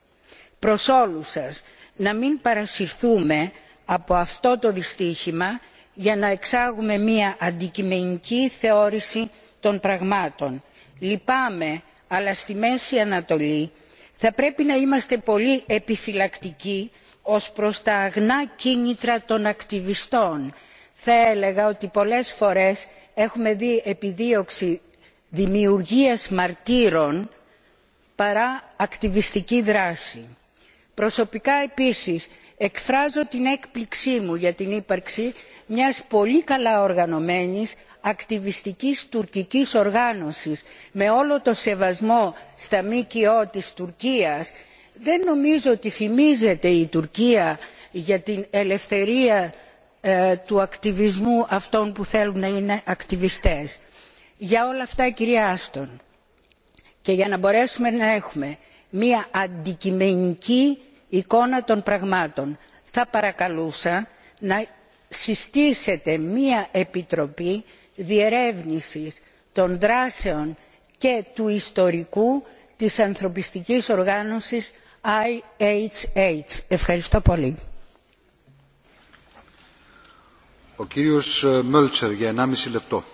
Speaker 7: προς όλους σας να μην παρασυρθούμε από αυτό το δυστύχημα για να εξάγουμε μια αντικειμενική θεώρηση των πραγμάτων. λυπάμαι αλλά στη μέση ανατολή θα πρέπει να είμαστε πολύ επιφυλακτικοί ως προς τα αγνά κίνητρα των ακτιβιστών. θα έλεγα ότι πολλές φορές έχουμε δει επιδίωξη δημιουργίας μαρτύρων παρά ακτιβιστική δράση προσωπικά επίσης εκφράζω την έκπληξή μου για την ύπαρξη μιας πολύ καλά οργανωμένης ακτιβιστικής τουρκικής οργάνωσης με όλο το σεβασμό στα μκο της τουρκίας δεν νομίζω ότι φημίζεται η τουρκία για την ελευθερία ε, του ακτιβισμού αυτών που θέλουν να είναι ακτιβιστές. για όλα αυτά κυρία άστον και για να μπορέσουμε να έχουμε μια αντικειμενική εικόνα των πραγμάτων. θα παρακαλούσα να συστήσετε μια επιτροπή διερεύνησης των δράσεων και του ιστορικού της ανθρωπιστικής οργάνωσης ihh. ευχαριστώ πολύ.
Speaker 2: Ο κύριος ε, Μέλτσερ, για 1,5 λεπτό.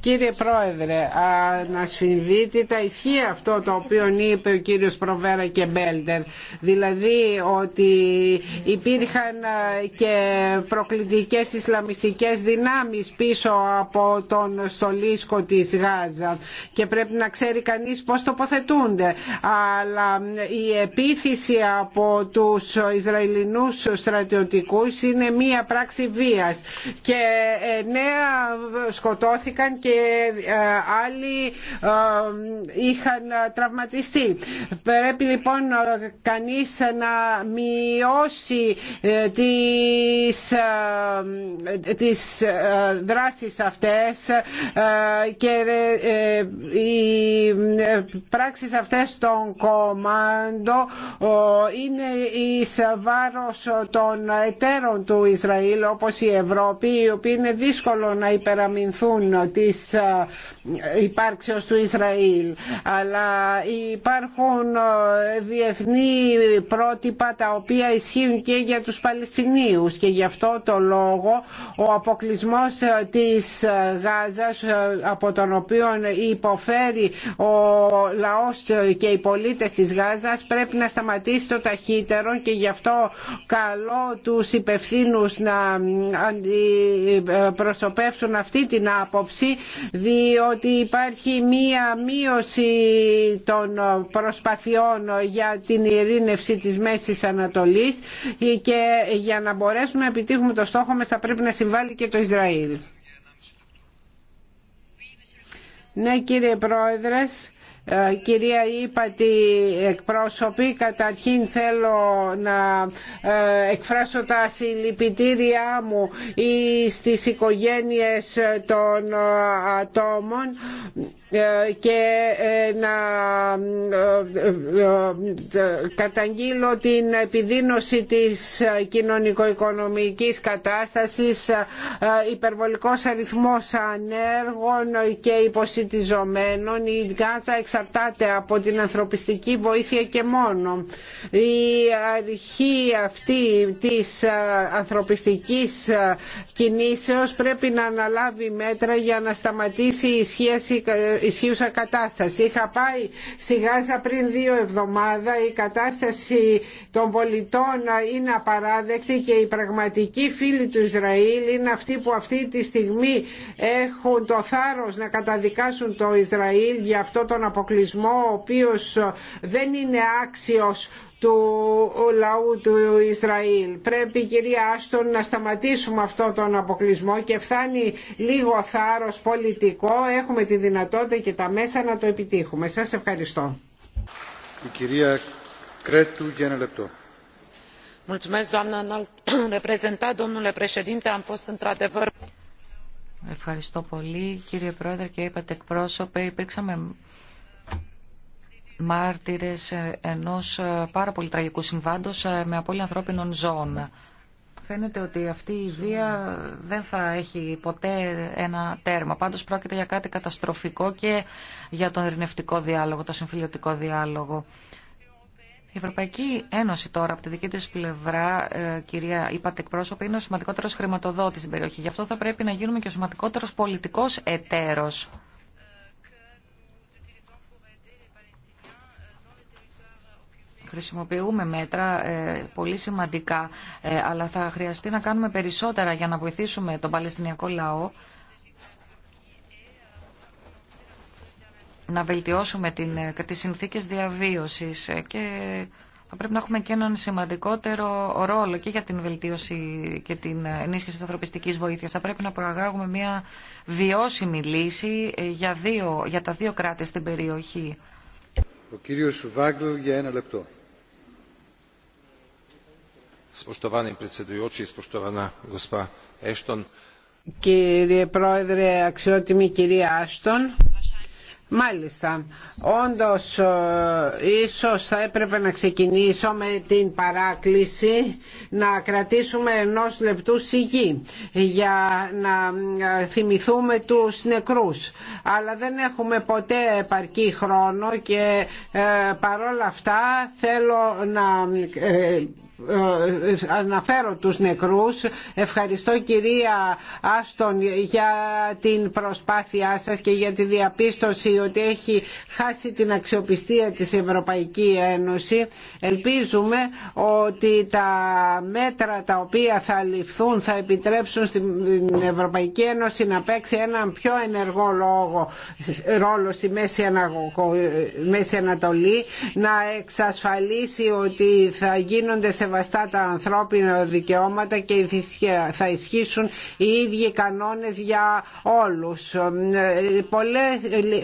Speaker 3: Κύριε Πρόεδρε, να τα ισχύει αυτό το οποίο είπε ο κύριος Προβέρα και Μπέλτερ. Δηλαδή ότι υπήρχαν ε, και προκλητικές ισλαμιστικές δυνάμεις πίσω από τον στολίσκο της Γάζα και πρέπει να ξέρει κανείς πώς τοποθετούνται. Αλλά ε, η επίθεση από τους Ισραηλινούς στρατιωτικούς είναι μία πράξη βίας και ε, νέα σκοτώθηκαν και ε, άλλοι ε, είχαν ε, τραυματιστεί. Πρέπει λοιπόν κανείς να μειώσει τις, τις δράσεις αυτές και οι πράξεις αυτές των κομμάντων είναι η βάρος των εταίρων του Ισραήλ όπως η Ευρώπη οι οποίοι είναι δύσκολο να υπεραμεινθούν ενθούν της ε, υπάρξεως του Ισραήλ αλλά υπάρχουν ε, διεθνή πρότυπα τα οποία ισχύουν και για τους Παλαιστινίους και γι' αυτό το λόγο ο αποκλεισμός ε, της Γάζας από τον οποίο υποφέρει ο λαός και οι πολίτες της Γάζας πρέπει να σταματήσει το ταχύτερο και γι' αυτό καλό τους υπευθύνους να αντιπροσωπεύσουν αυτή την την άποψη διότι υπάρχει μία μείωση των προσπαθειών για την ειρήνευση της Μέσης Ανατολής και για να μπορέσουμε να επιτύχουμε το στόχο μας θα πρέπει να συμβάλλει και το Ισραήλ. Ναι κύριε Πρόεδρες, ε, κυρία Ήπατη εκπρόσωπη, καταρχήν θέλω να ε, εκφράσω τα συλληπιτήριά μου στις οικογένειες των ε, ατόμων και να καταγγείλω την επιδείνωση της κοινωνικο-οικονομικής κατάστασης, υπερβολικός αριθμός ανέργων και υποσυτιζομένων. Η εξαρτάται από την ανθρωπιστική βοήθεια και μόνο. Η αρχή αυτή της ε, ανθρωπιστικής ε, κινήσεως πρέπει να αναλάβει μέτρα για να σταματήσει η ισχύουσα κατάσταση. Είχα πάει στη Γάζα πριν δύο εβδομάδα, η κατάσταση των πολιτών είναι απαράδεκτη και οι πραγματικοί φίλοι του Ισραήλ είναι αυτοί που αυτή τη στιγμή έχουν το θάρρος να καταδικάσουν το Ισραήλ για αυτό τον αποκλεισμό ο οποίος ε, δεν είναι άξιος του λαού του Ισραήλ. Πρέπει κυρία Άστον να σταματήσουμε αυτό τον αποκλεισμό και φτάνει λίγο θάρρος πολιτικό. Έχουμε τη δυνατότητα και τα μέσα να το επιτύχουμε. Σας ευχαριστώ.
Speaker 2: κυρία Κρέτου για ένα λεπτό.
Speaker 4: Ευχαριστώ πολύ κύριε Πρόεδρε και είπατε εκπρόσωπε. Υπήρξαμε μάρτυρες ενός ε, πάρα πολύ τραγικού συμβάντος ε, με απώλεια ανθρώπινων ζώων. Φαίνεται ότι αυτή η βία δεν θα έχει ποτέ ένα τέρμα. Πάντως πρόκειται για κάτι καταστροφικό και για τον ειρηνευτικό διάλογο, τον συμφιλιωτικό διάλογο. Η Ευρωπαϊκή Ένωση τώρα από τη δική της πλευρά, ε, κυρία είπατε εκπρόσωπη, είναι ο σημαντικότερος χρηματοδότης στην περιοχή. Γι' αυτό θα πρέπει να γίνουμε και ο σημαντικότερος πολιτικός εταίρος Χρησιμοποιούμε μέτρα ε, πολύ σημαντικά, ε, αλλά θα χρειαστεί να κάνουμε περισσότερα για να βοηθήσουμε τον Παλαιστινιακό λαό να βελτιώσουμε την, ε, τις συνθήκες διαβίωσης και θα πρέπει να έχουμε και έναν σημαντικότερο ρόλο και για την βελτίωση και την ενίσχυση της ανθρωπιστικής βοήθειας. Θα πρέπει να προαγάγουμε μια βιώσιμη λύση για, δύο, για τα δύο κράτη στην περιοχή.
Speaker 2: Ο κύριος Βάγκλ για ένα λεπτό.
Speaker 3: Κύριε Πρόεδρε, αξιότιμη κυρία Άστον, Μάλιστα. Όντως, ε, ίσως θα έπρεπε να ξεκινήσω με την παράκληση να κρατήσουμε ενός λεπτού σιγή για να ε, θυμηθούμε τους νεκρούς. Αλλά δεν έχουμε ποτέ επαρκή χρόνο και ε, παρόλα αυτά θέλω να ε, ε, αναφέρω τους νεκρούς. Ευχαριστώ κυρία Άστον για την προσπάθειά σας και για τη διαπίστωση ότι έχει χάσει την αξιοπιστία της Ευρωπαϊκή Ένωση. Ελπίζουμε ότι τα μέτρα τα οποία θα ληφθούν θα επιτρέψουν στην Ευρωπαϊκή Ένωση να παίξει έναν πιο ενεργό λόγο, ρόλο στη Μέση, Ανατολή, να εξασφαλίσει ότι θα γίνονται σε σεβαστά τα ανθρώπινα δικαιώματα και θα ισχύσουν οι ίδιοι κανόνες για όλους.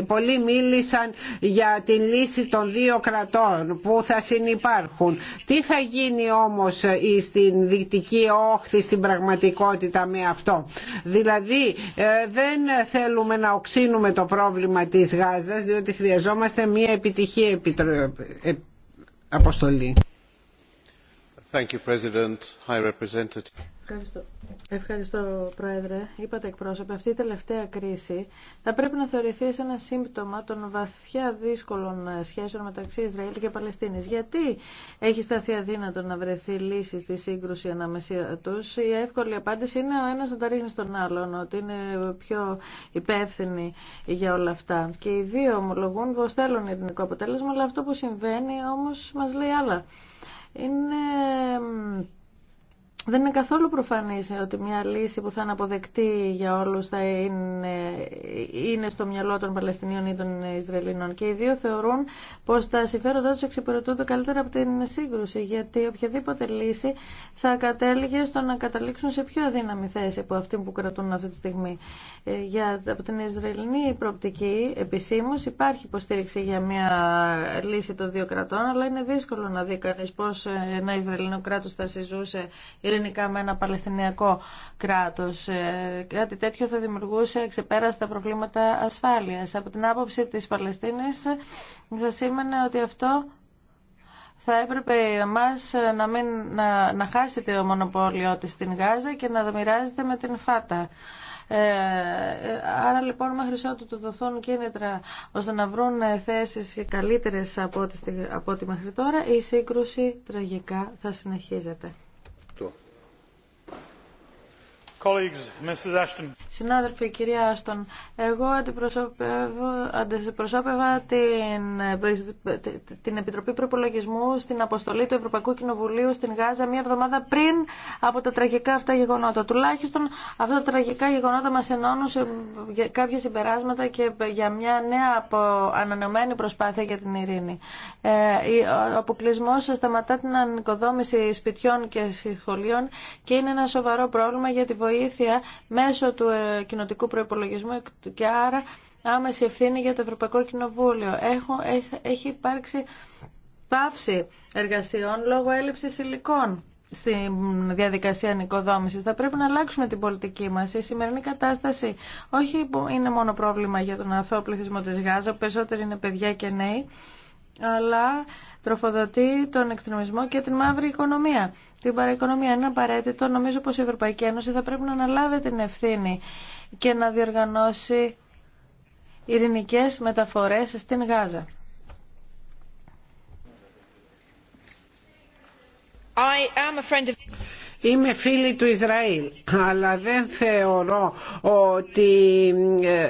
Speaker 3: Πολλοί μίλησαν για την λύση των δύο κρατών που θα συνυπάρχουν. Τι θα γίνει όμως ε, στην δυτική όχθη στην πραγματικότητα με αυτό. Δηλαδή ε, δεν θέλουμε να οξύνουμε το πρόβλημα της Γάζας διότι χρειαζόμαστε μια επιτυχή ε, αποστολή.
Speaker 6: Ευχαριστώ. Πρόεδρε. Είπατε εκπρόσωπε, αυτή η τελευταία κρίση θα πρέπει να θεωρηθεί σαν ένα σύμπτωμα των βαθιά δύσκολων σχέσεων μεταξύ Ισραήλ και Παλαιστίνης. Γιατί έχει σταθεί αδύνατο να βρεθεί λύση στη σύγκρουση ανάμεσά του. Η εύκολη απάντηση είναι ο ένα να τα ρίχνει στον άλλον, ότι είναι πιο υπεύθυνοι για όλα αυτά. Και οι δύο ομολογούν πω θέλουν ειρηνικό αποτέλεσμα, αλλά αυτό που συμβαίνει όμω μα λέει άλλα είναι δεν είναι καθόλου προφανής ε, ότι μια λύση που θα είναι αποδεκτή για όλους θα είναι, είναι στο μυαλό των Παλαιστινίων ή των Ισραηλινών. Και οι δύο θεωρούν πως τα συμφέροντά τους εξυπηρετούνται καλύτερα από την σύγκρουση, γιατί οποιαδήποτε λύση θα κατέληγε στο να καταλήξουν σε πιο αδύναμη θέση από αυτή που κρατούν αυτή τη στιγμή. Ε, για, από την Ισραηλινή προοπτική επισήμω υπάρχει υποστήριξη για μια λύση των δύο κρατών, αλλά είναι δύσκολο να δει ένα Ισραηλινό κράτο θα συζούσε ειρηνικά με ένα Παλαιστινιακό κράτο, ε, Κάτι τέτοιο θα δημιουργούσε εξεπέραστα προβλήματα ασφάλειας. Από την άποψη της Παλαιστίνη, θα σήμαινε ότι αυτό θα έπρεπε εμά να, μην, να, να το μονοπόλιο της στην Γάζα και να το με την Φάτα. Ε, άρα λοιπόν μέχρι ότου του δοθούν κίνητρα ώστε να βρουν θέσεις καλύτερες από από ό,τι μέχρι τώρα η σύγκρουση τραγικά θα συνεχίζεται. Συνάδελφοι, κυρία Άστον, εγώ αντιπροσώπευα την, Επιτροπή Προπολογισμού στην αποστολή του Ευρωπαϊκού Κοινοβουλίου στην Γάζα μία εβδομάδα πριν από τα τραγικά αυτά γεγονότα. Τουλάχιστον αυτά τα τραγικά γεγονότα μας ενώνουν σε κάποια συμπεράσματα και για μια νέα απο, ανανεωμένη προσπάθεια για την ειρήνη. Ε, ο αποκλεισμό σταματά την ανοικοδόμηση σπιτιών και σχολείων και είναι ένα σοβαρό πρόβλημα για τη βοήθεια μέσω του ε, κοινοτικού προπολογισμού και άρα άμεση ευθύνη για το Ευρωπαϊκό Κοινοβούλιο. Έχω, έχει υπάρξει πάυση εργασιών λόγω έλλειψης υλικών στη διαδικασία νοικοδόμησης. Θα πρέπει να αλλάξουμε την πολιτική μας. Η σημερινή κατάσταση όχι είναι μόνο πρόβλημα για τον αθώο πληθυσμό της Γάζα, περισσότεροι είναι παιδιά και νέοι, αλλά τροφοδοτεί τον εξτρεμισμό και την μαύρη οικονομία. Την παραοικονομία είναι απαραίτητο. Νομίζω πως η Ευρωπαϊκή Ένωση θα πρέπει να αναλάβει την ευθύνη και να διοργανώσει ειρηνικές μεταφορές στην Γάζα. I am a friend of...
Speaker 3: Είμαι φίλη του Ισραήλ, αλλά δεν θεωρώ ότι ε,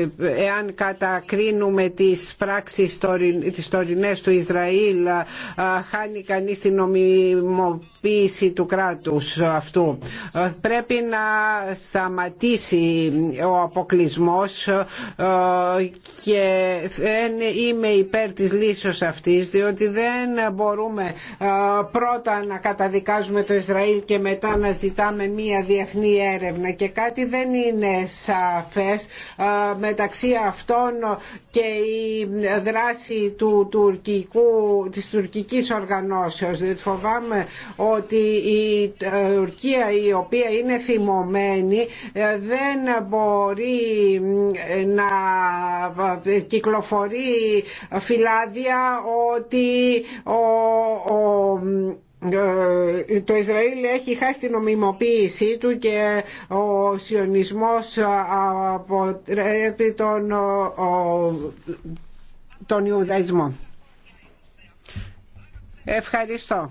Speaker 3: ε, εάν κατακρίνουμε τις πράξεις τις τωρινές του Ισραήλ ε, χάνει κανείς την νομιμοποίηση του κράτους αυτού. Ε, πρέπει να σταματήσει ο αποκλεισμός ε, και δεν είμαι υπέρ της λύσης αυτής διότι δεν μπορούμε ε, πρώτα να καταδικάζουμε το Ισραήλ και μετά να ζητάμε μία διεθνή έρευνα και κάτι δεν είναι σαφές μεταξύ αυτών και η δράση του τουρκικού, της τουρκικής οργανώσεως Δεν φοβάμαι ότι η Τουρκία η οποία είναι θυμωμένη δεν μπορεί να ε, κυκλοφορεί φυλάδια ότι ο, ο ε, το Ισραήλ έχει χάσει την ομιμοποίησή του και ο σιωνισμός αποτρέπει τον, τον Ιουδαϊσμό. Ευχαριστώ.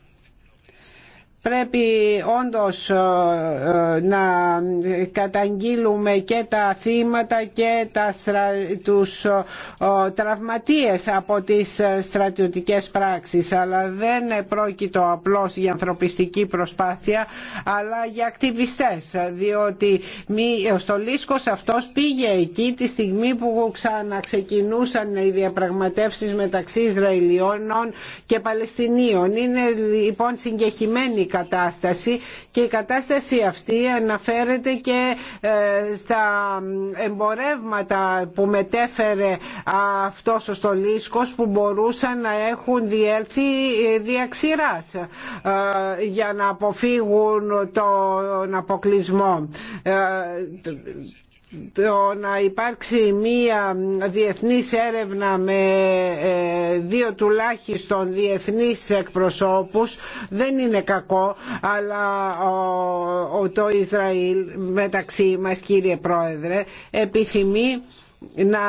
Speaker 3: Πρέπει όντως ε, ε, να καταγγείλουμε και τα θύματα και τα στρα... τους ε, τραυματίες από τις στρατιωτικές πράξεις αλλά δεν πρόκειται απλώς για ανθρωπιστική προσπάθεια αλλά για ακτιβιστές διότι ο Στολίσκος αυτός πήγε εκεί τη στιγμή που ξαναξεκινούσαν οι διαπραγματεύσεις μεταξύ Ισραηλιών και Παλαιστινίων. Είναι λοιπόν συγκεχημένη κατάσταση και η κατάσταση αυτή αναφέρεται και ε, στα εμπορεύματα που μετέφερε αυτός ο στολίσκος που μπορούσαν να έχουν διέλθει ε, διαξηράς ε, για να αποφύγουν τον αποκλεισμό το να υπάρξει μία διεθνής έρευνα με ε, δύο τουλάχιστον διεθνείς εκπροσώπους δεν είναι κακό αλλά το Ισραήλ μεταξύ μας κύριε Πρόεδρε επιθυμεί να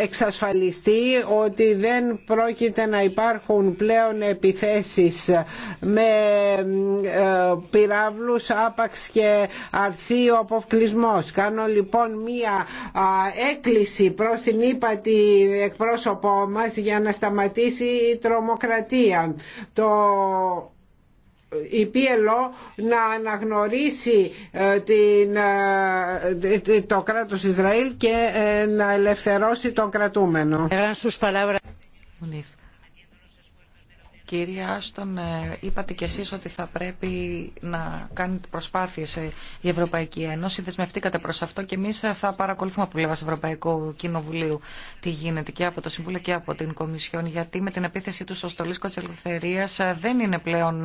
Speaker 3: εξασφαλιστεί ότι δεν πρόκειται να υπάρχουν πλέον επιθέσεις με ε, πυράβλους άπαξ και αρθεί ο αποκλεισμός. Κάνω λοιπόν μία έκκληση προς την ύπατη εκπρόσωπό μας για να σταματήσει η τρομοκρατία. Το η PLO να αναγνωρίσει ε, ε, το κράτος Ισραήλ και ε, να ελευθερώσει τον κρατούμενο.
Speaker 4: Κυρία Άστον, ε, είπατε κι εσείς ότι θα πρέπει να κάνετε προσπάθειες ε, η Ευρωπαϊκή Ένωση. Δεσμευτήκατε προς αυτό και εμείς ε, θα παρακολουθούμε από πλευράς Ευρωπαϊκού Κοινοβουλίου τι γίνεται και από το Συμβούλιο και από την Κομισιόν, γιατί με την επίθεση του στο στολίσκο της ελευθερίας δεν είναι πλέον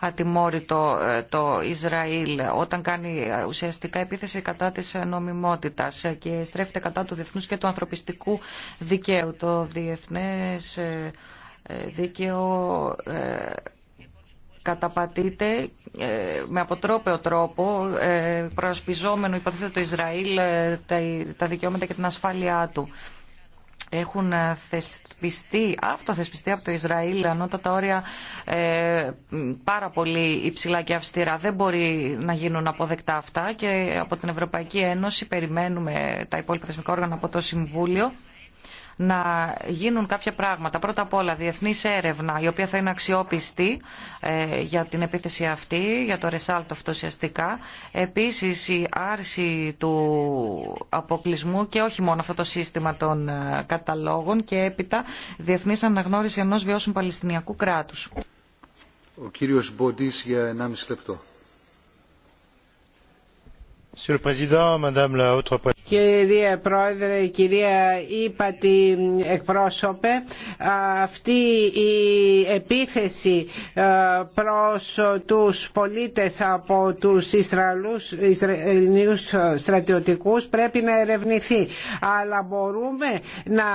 Speaker 4: ατιμόρυτο το Ισραήλ όταν κάνει ουσιαστικά επίθεση κατά της νομιμότητας και στρέφεται κατά του διεθνούς και του ανθρωπιστικού δικαίου. Το διεθνές ε, δίκαιο ε, καταπατείται ε, με αποτρόπαιο τρόπο προασπιζόμενο υποθέτω το Ισραήλ τα δικαιώματα και την ασφάλειά του. Έχουν θεσπιστεί, αυτοθεσπιστεί από το Ισραήλ ανώτατα όρια πάρα πολύ υψηλά και αυστηρά. Δεν μπορεί να γίνουν αποδεκτά αυτά και από την Ευρωπαϊκή Ένωση περιμένουμε τα υπόλοιπα θεσμικά όργανα από το Συμβούλιο να γίνουν κάποια πράγματα. Πρώτα απ' όλα, διεθνή έρευνα, η οποία θα είναι αξιόπιστη ε, για την επίθεση αυτή, για το ρεσάλτο αυτό ουσιαστικά. Επίση, η άρση του αποκλεισμού και όχι μόνο αυτό το σύστημα των ε, καταλόγων και έπειτα διεθνή αναγνώριση ενό βιώσιμου Παλαιστινιακού κράτου.
Speaker 2: Ο κύριος Μποντής για 1,5 λεπτό.
Speaker 3: Κυρία Πρόεδρε, κυρία Ήπατη εκπρόσωπε, αυτή η επίθεση ε, προς τους πολίτες από τους Ισραηλούς, Ισραηλινούς στρατιωτικούς πρέπει να ερευνηθεί. Αλλά μπορούμε να,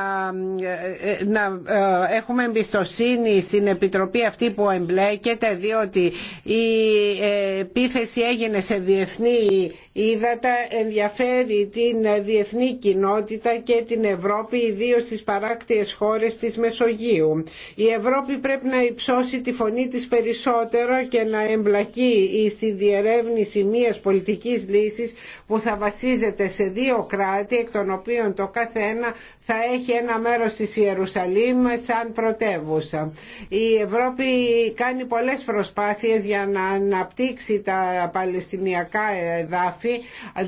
Speaker 3: ε, να ε, έχουμε εμπιστοσύνη στην Επιτροπή αυτή που εμπλέκεται, διότι η επίθεση έγινε σε διεθνή ύδατα ενδιαφέρει την διεθνή κοινότητα και την Ευρώπη, ιδίω στις παράκτιες χώρες της Μεσογείου. Η Ευρώπη πρέπει να υψώσει τη φωνή της περισσότερο και να εμπλακεί στη διερεύνηση μιας πολιτικής λύσης που θα βασίζεται σε δύο κράτη, εκ των οποίων το καθένα θα έχει ένα μέρος της Ιερουσαλήμ σαν πρωτεύουσα. Η Ευρώπη κάνει πολλές προσπάθειες για να αναπτύξει τα παλαιστινιακά εδάφη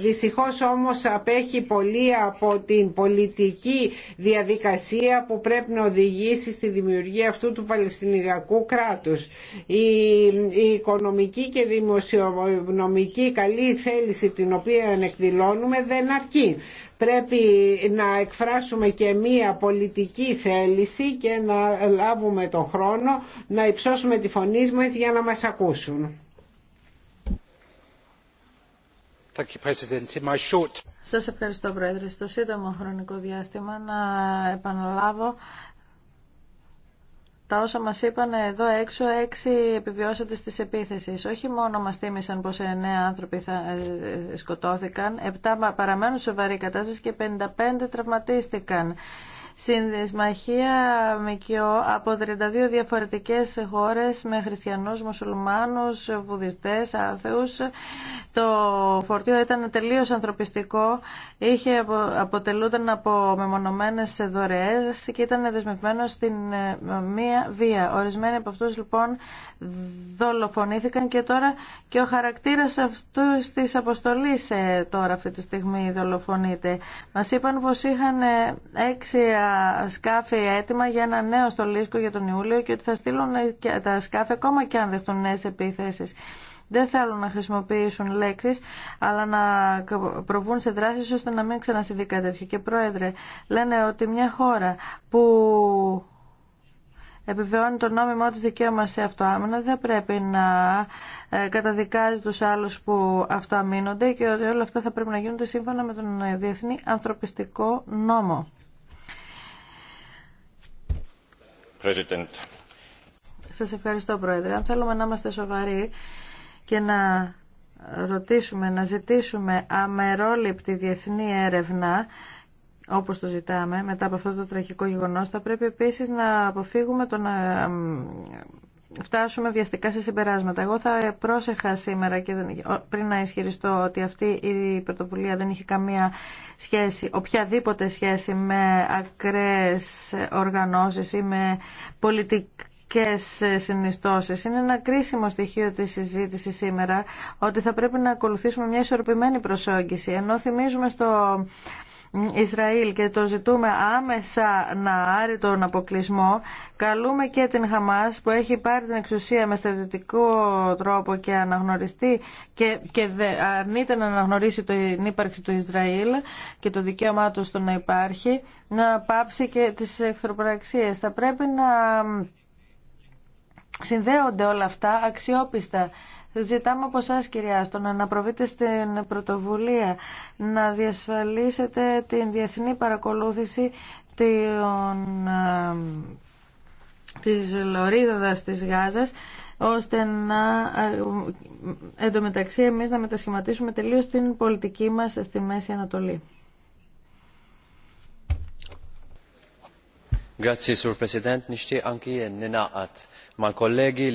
Speaker 3: Δυστυχώς όμως απέχει πολύ από την πολιτική διαδικασία που πρέπει να οδηγήσει στη δημιουργία αυτού του Παλαιστινιακού κράτους. Η, οικονομική και δημοσιονομική καλή θέληση την οποία εκδηλώνουμε δεν αρκεί πρέπει να εκφράσουμε και μία πολιτική θέληση και να λάβουμε τον χρόνο να υψώσουμε τη φωνή μας για να μας ακούσουν.
Speaker 6: Σας ευχαριστώ, Πρόεδρε. Στο σύντομο χρονικό διάστημα να επαναλάβω τα όσα μας είπαν εδώ έξω έξι επιβιώσατε στις επίθεσεις Όχι μόνο μας θύμισαν πως εννέα άνθρωποι θα ε, σκοτώθηκαν, επτά παραμένουν βαρύ κατάσταση και 55 τραυματίστηκαν συνδεσμαχία ΜΚΟ από 32 διαφορετικές χώρες με χριστιανούς, μουσουλμάνους, βουδιστές, άθεους. Το φορτίο ήταν τελείως ανθρωπιστικό, είχε, αποτελούνταν από μεμονωμένες δωρεές και ήταν δεσμευμένο στην ε, μία βία. Ορισμένοι από αυτούς λοιπόν δολοφονήθηκαν και τώρα και ο χαρακτήρας αυτού της αποστολής ε, τώρα αυτή τη στιγμή δολοφονείται. Μας είπαν πως είχαν ε, έξι σκάφη έτοιμα για ένα νέο στολίσκο για τον Ιούλιο και ότι θα στείλουν τα σκάφη ακόμα και αν δεχτούν νέε επιθέσεις. Δεν θέλουν να χρησιμοποιήσουν λέξεις, αλλά να προβούν σε δράσεις ώστε να μην ξανασυμβεί κάτι τέτοιο. Και πρόεδρε, λένε ότι μια χώρα που επιβεβαιώνει το νόμιμο της δικαίωμα σε αυτοάμυνα, δεν πρέπει να ε, καταδικάζει τους άλλους που αυτοαμύνονται και ότι όλα αυτά θα πρέπει να γίνονται σύμφωνα με τον Διεθνή Ανθρωπιστικό Νόμο. President. Σας ευχαριστώ, Πρόεδρε. Αν θέλουμε να είμαστε σοβαροί και να ρωτήσουμε, να ζητήσουμε αμερόληπτη διεθνή έρευνα όπως το ζητάμε μετά από αυτό το τραγικό γεγονός θα πρέπει επίσης να αποφύγουμε τον... Ε, φτάσουμε βιαστικά σε συμπεράσματα. Εγώ θα πρόσεχα σήμερα και πριν να ισχυριστώ ότι αυτή η πρωτοβουλία δεν είχε καμία σχέση, οποιαδήποτε σχέση με ακραίες οργανώσεις ή με πολιτικές συνιστώσεις. Είναι ένα κρίσιμο στοιχείο της συζήτηση σήμερα ότι θα πρέπει να ακολουθήσουμε μια ισορροπημένη προσόγγιση. Ενώ θυμίζουμε στο Ισραήλ και το ζητούμε άμεσα να άρει τον αποκλεισμό, καλούμε και την Χαμάς που έχει πάρει την εξουσία με στρατιωτικό τρόπο και αναγνωριστεί και, και αρνείται να αναγνωρίσει την ύπαρξη του Ισραήλ και το δικαίωμά του στο να υπάρχει, να πάψει και τις εχθροπραξίες. Θα πρέπει να συνδέονται όλα αυτά αξιόπιστα. Ζητάμε από εσά, κυρία Άστον, να προβείτε στην πρωτοβουλία, να διασφαλίσετε την διεθνή παρακολούθηση των, της λωρίδας της Γάζας ώστε να ε, εντωμεταξύ εμείς να μετασχηματίσουμε τελείως την πολιτική μας στη Μέση Ανατολή.
Speaker 2: Grazie, ma colleghi,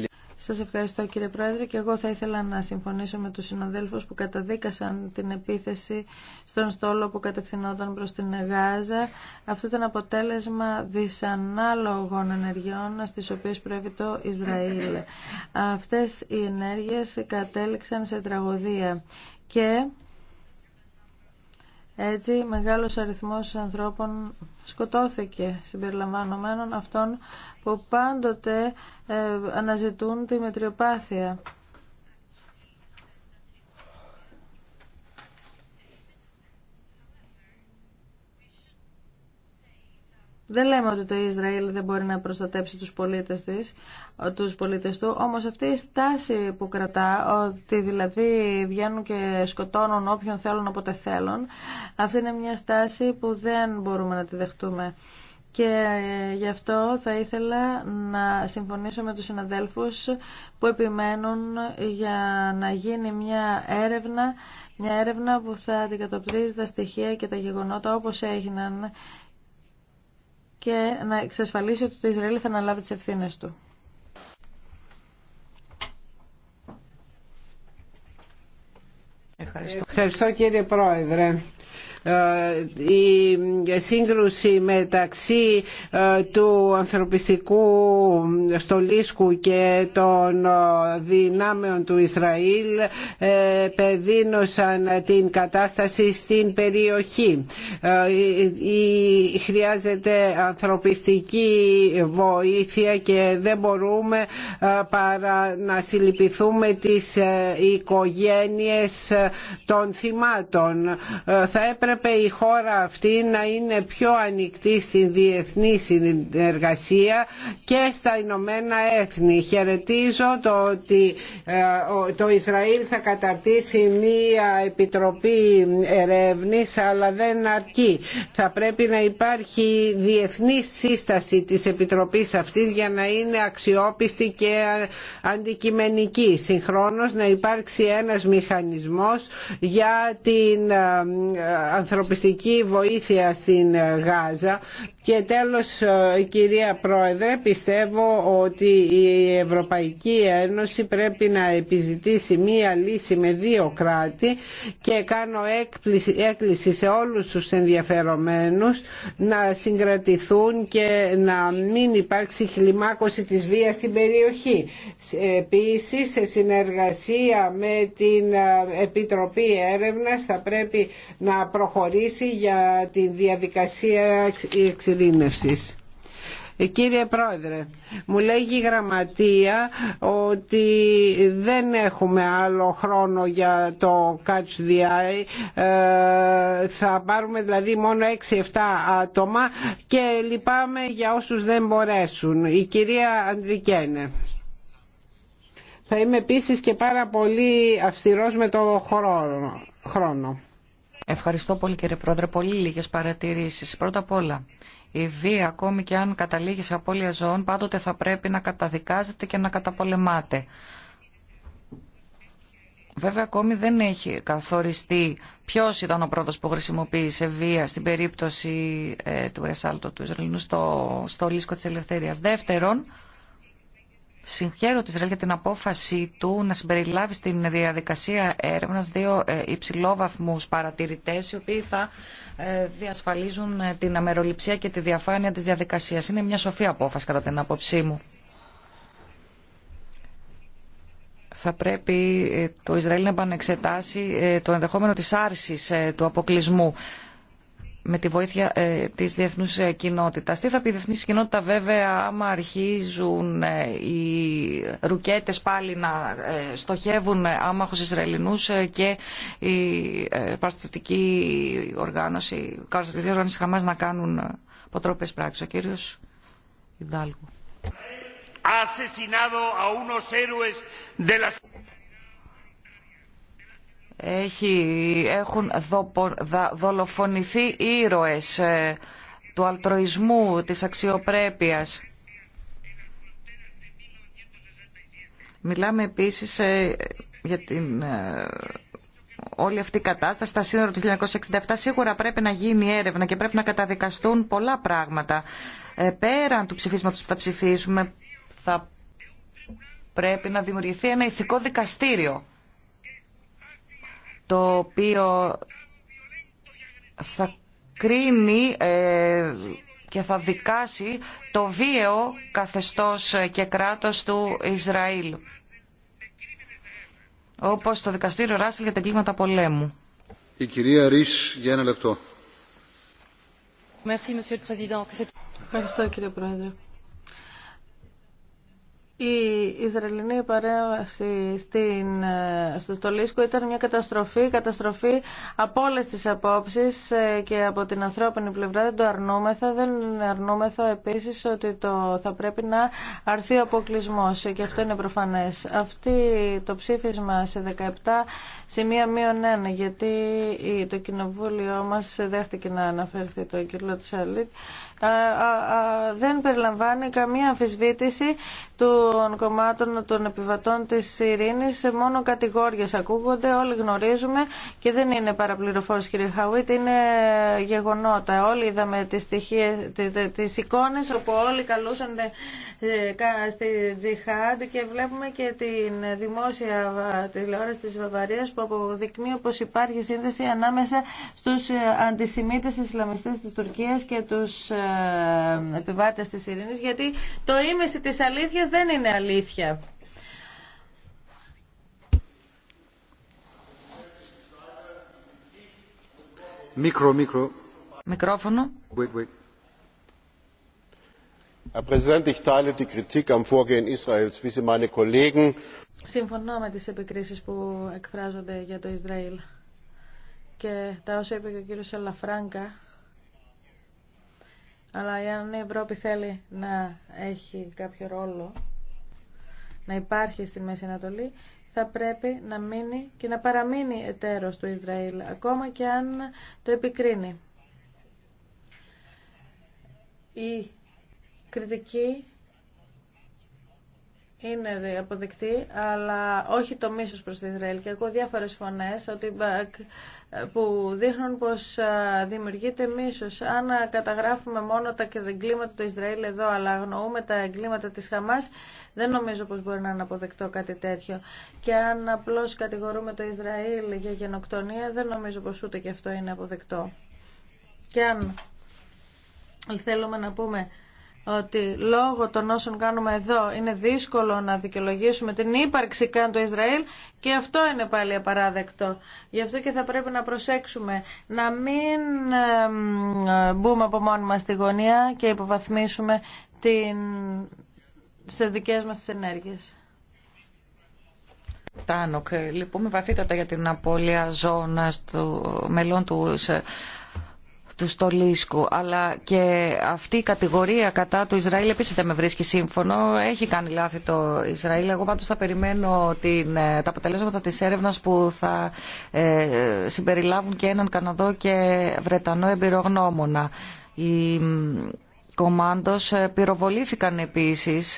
Speaker 6: σας ευχαριστώ κύριε Πρόεδρε και εγώ θα ήθελα να συμφωνήσω με τους συναδέλφους που καταδίκασαν την επίθεση στον στόλο που κατευθυνόταν προς την Γάζα. Αυτό ήταν αποτέλεσμα δυσανάλογων ενεργειών στις οποίες πρέπει το Ισραήλ. Αυτές οι ενέργειες κατέληξαν σε τραγωδία και έτσι, μεγάλος αριθμός ανθρώπων σκοτώθηκε συμπεριλαμβανομένων αυτών που πάντοτε ε, αναζητούν τη μετριοπάθεια. Δεν λέμε ότι το Ισραήλ δεν μπορεί να προστατέψει τους πολίτες, της, τους πολίτες του, όμως αυτή η στάση που κρατά, ότι δηλαδή βγαίνουν και σκοτώνουν όποιον θέλουν όποτε θέλουν, αυτή είναι μια στάση που δεν μπορούμε να τη δεχτούμε. Και ε, γι' αυτό θα ήθελα να συμφωνήσω με τους συναδέλφους που επιμένουν για να γίνει μια έρευνα, μια έρευνα που θα αντικατοπτρίζει τα στοιχεία και τα γεγονότα όπως έγιναν και να εξασφαλίσει ότι το Ισραήλ θα αναλάβει τις ευθύνες του.
Speaker 3: Ευχαριστώ. Ευχαριστώ κύριε Πρόεδρε. Ε, η σύγκρουση μεταξύ ε, του ανθρωπιστικού στολίσκου και των ε, δυνάμεων του Ισραήλ επεδίνωσαν την κατάσταση στην περιοχή. Χρειάζεται ανθρωπιστική βοήθεια και δεν μπορούμε παρά να συλληπιθούμε τις οικογένειες των θυμάτων. Θα έπρεπε Πρέπει η χώρα αυτή να είναι πιο ανοιχτή στην διεθνή συνεργασία και στα Ηνωμένα Έθνη. Χαιρετίζω το ότι ε, το Ισραήλ θα καταρτήσει μία επιτροπή ερεύνης αλλά δεν αρκεί. Θα πρέπει να υπάρχει διεθνή σύσταση της επιτροπής αυτής για να είναι αξιόπιστη και αντικειμενική. Συγχρόνως να υπάρξει ένας μηχανισμός για την ε, ανθρωπιστική βοήθεια στην Γάζα και τέλος ε, κυρία Πρόεδρε πιστεύω ότι η Ευρωπαϊκή Ένωση πρέπει να επιζητήσει μία λύση με δύο κράτη και κάνω έκκληση σε όλους τους ενδιαφερομένους να συγκρατηθούν και να μην υπάρξει χλιμάκωση της βίας στην περιοχή. Επίσης σε συνεργασία με την ε, Επιτροπή Έρευνας θα πρέπει να προχωρήσει για τη διαδικασία ε, κύριε Πρόεδρε, μου λέγει η Γραμματεία ότι δεν έχουμε άλλο χρόνο για το Catch the Eye. Ε, θα πάρουμε δηλαδή μόνο 6-7 άτομα και λυπάμαι για όσους δεν μπορέσουν. Η κυρία Αντρικένε. Θα είμαι επίση και πάρα πολύ αυστηρός με το χρόνο. Ευχαριστώ πολύ
Speaker 4: κύριε Πρόεδρε. Πολύ λίγες παρατηρήσεις. Πρώτα απ' όλα, η βία ακόμη και αν καταλήγει σε απώλεια ζώων πάντοτε θα πρέπει να καταδικάζεται και να καταπολεμάται. Βέβαια ακόμη δεν έχει καθοριστεί ποιο ήταν ο πρώτος που χρησιμοποίησε βία στην περίπτωση ε, του Ρεσάλτο του Ισραηλινού στο, στο Λίσκο της Ελευθερίας. Δεύτερον, Συγχαίρω τη Ισραήλ για την απόφαση του να συμπεριλάβει στην διαδικασία έρευνας δύο ε, υψηλόβαθμους παρατηρητές οι οποίοι θα ε, διασφαλίζουν ε, την αμεροληψία και τη διαφάνεια της διαδικασίας. Είναι μια σοφή απόφαση κατά την άποψή μου. θα πρέπει το Ισραήλ να επανεξετάσει το ενδεχόμενο της άρσης του αποκλεισμού με τη βοήθεια ε, της διεθνούς ε, κοινότητας. Τι θα πει η διεθνής κοινότητα βέβαια άμα αρχίζουν ε, οι ρουκέτες πάλι να ε, στοχεύουν άμαχους Ισραηλινούς και η ε, παραστατική οργάνωση, οι οργάνωση Χαμάς να κάνουν ποτρόπες πράξεις. Ο κύριος Ιντάλγου. Έχει, έχουν δολοφονηθεί ήρωες ε, του αλτροισμού, της αξιοπρέπειας. Μιλάμε επίσης ε, για την ε, όλη αυτή η κατάσταση στα σύνορα του 1967. Σίγουρα πρέπει να γίνει έρευνα και πρέπει να καταδικαστούν πολλά πράγματα. Πέραν του ψηφίσματος που θα ψηφίσουμε θα πρέπει να δημιουργηθεί ένα ηθικό δικαστήριο το οποίο θα κρίνει ε, και θα δικάσει το βίαιο καθεστώς και κράτος του Ισραήλ. Όπως το δικαστήριο Ράσιλ για τα κλίματα πολέμου.
Speaker 2: Η κυρία Ρίς για ένα λεπτό.
Speaker 6: Ευχαριστώ κύριε Πρόεδρε. Η Ισραηλινή παρέμβαση στην, στο Στολίσκο ήταν μια καταστροφή, καταστροφή από όλες τις απόψεις ε, και από την ανθρώπινη πλευρά δεν το αρνούμεθα. Δεν αρνούμεθα επίσης ότι το, θα πρέπει να αρθεί ο αποκλεισμό ε, και αυτό είναι προφανές. Αυτή το ψήφισμα σε 17 σημεία μείον ένα, γιατί το κοινοβούλιο μας δέχτηκε να αναφέρθει το κύριο Τσαλίτ δεν περιλαμβάνει καμία αμφισβήτηση των κομμάτων των επιβατών της ειρήνης. Μόνο κατηγόριες ακούγονται, όλοι γνωρίζουμε και δεν είναι παραπληροφόρηση κύριε Χαουίτ, είναι γεγονότα. Όλοι είδαμε τις, στοιχείες, τις εικόνες όπου όλοι καλούσαν ε, στη τζιχάντ και βλέπουμε και την δημόσια τηλεόραση της Βαβαρίας που αποδεικνύει πως υπάρχει σύνδεση ανάμεσα στους ε, αντισημίτες Ισλαμιστές της Τουρκίας και τους ε, ε, επιβάτες της ειρήνης γιατί το ίμιση της αλήθειας δεν είναι αλήθεια.
Speaker 2: Μικρό, μικρό.
Speaker 4: Μικρόφωνο.
Speaker 2: Wait, wait. Herr Präsident, ich teile die Kritik am Vorgehen Israels, wie sie meine Kollegen
Speaker 6: Συμφωνώ με τις επικρίσεις που εκφράζονται για το Ισραήλ και τα όσα είπε και ο κύριος Σαλαφράγκα αλλά αν η Ευρώπη θέλει να έχει κάποιο ρόλο, να υπάρχει στη Μέση Ανατολή, θα πρέπει να μείνει και να παραμείνει εταίρος του Ισραήλ, ακόμα και αν το επικρίνει. Η κριτική είναι αποδεκτή, αλλά όχι το μίσος προς το Ισραήλ. Και ακούω διάφορες φωνές ότι, που δείχνουν πως δημιουργείται μίσος. Αν καταγράφουμε μόνο τα εγκλήματα του Ισραήλ εδώ, αλλά αγνοούμε τα εγκλήματα της Χαμάς, δεν νομίζω πως μπορεί να είναι αποδεκτό κάτι τέτοιο. Και αν απλώς κατηγορούμε το Ισραήλ για γενοκτονία, δεν νομίζω πως ούτε και αυτό είναι αποδεκτό. Και αν θέλουμε να πούμε ότι λόγω των όσων κάνουμε εδώ είναι δύσκολο να δικαιολογήσουμε την ύπαρξη καν του Ισραήλ και αυτό είναι πάλι απαράδεκτο. Γι' αυτό και θα πρέπει να προσέξουμε να μην μπούμε από μόνοι μας στη γωνία και υποβαθμίσουμε την... σε δικές μας τις ενέργειες.
Speaker 4: Τάνοκ, λυπούμε βαθύτατα για την απώλεια ζώνας του μελών του του Στολίσκου, αλλά και αυτή η κατηγορία κατά του Ισραήλ επίσης δεν με βρίσκει σύμφωνο. Έχει κάνει λάθη το Ισραήλ. Εγώ πάντως θα περιμένω την, ε, τα αποτελέσματα της έρευνας που θα ε, συμπεριλάβουν και έναν Καναδό και Βρετανό εμπειρογνώμονα. Οι κομάντος ε, πυροβολήθηκαν επίσης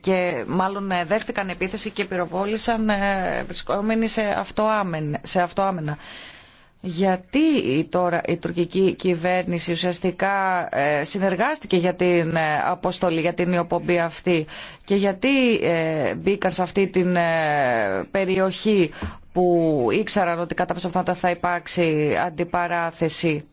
Speaker 4: και μάλλον δέχτηκαν επίθεση και πυροβόλησαν βρισκόμενοι σε αυτοάμενα. Σε αυτοάμενα γιατί τώρα η τουρκική κυβέρνηση ουσιαστικά ε, συνεργάστηκε για την ε, αποστολή, για την ιοπομπή αυτή και γιατί ε, μπήκαν σε αυτή την περιοχή που ήξεραν ότι κατά αυτά θα υπάρξει αντιπαράθεση.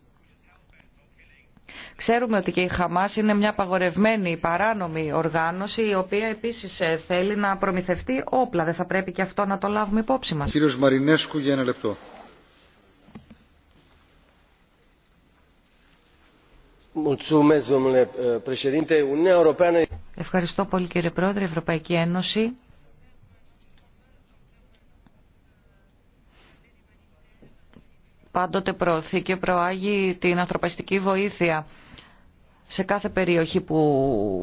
Speaker 4: Ξέρουμε ότι και η Χαμάς είναι μια απαγορευμένη παράνομη οργάνωση η οποία επίσης θέλει να προμηθευτεί όπλα. Δεν θα πρέπει και αυτό να το λάβουμε υπόψη μας. Κύριος Μαρινέσκου για ένα λεπτό.
Speaker 6: Eh, e-
Speaker 4: Ευχαριστώ πολύ κύριε Πρόεδρε. Η Ευρωπαϊκή Ένωση πάντοτε προωθεί και προάγει την ανθρωπιστική βοήθεια σε κάθε περιοχή που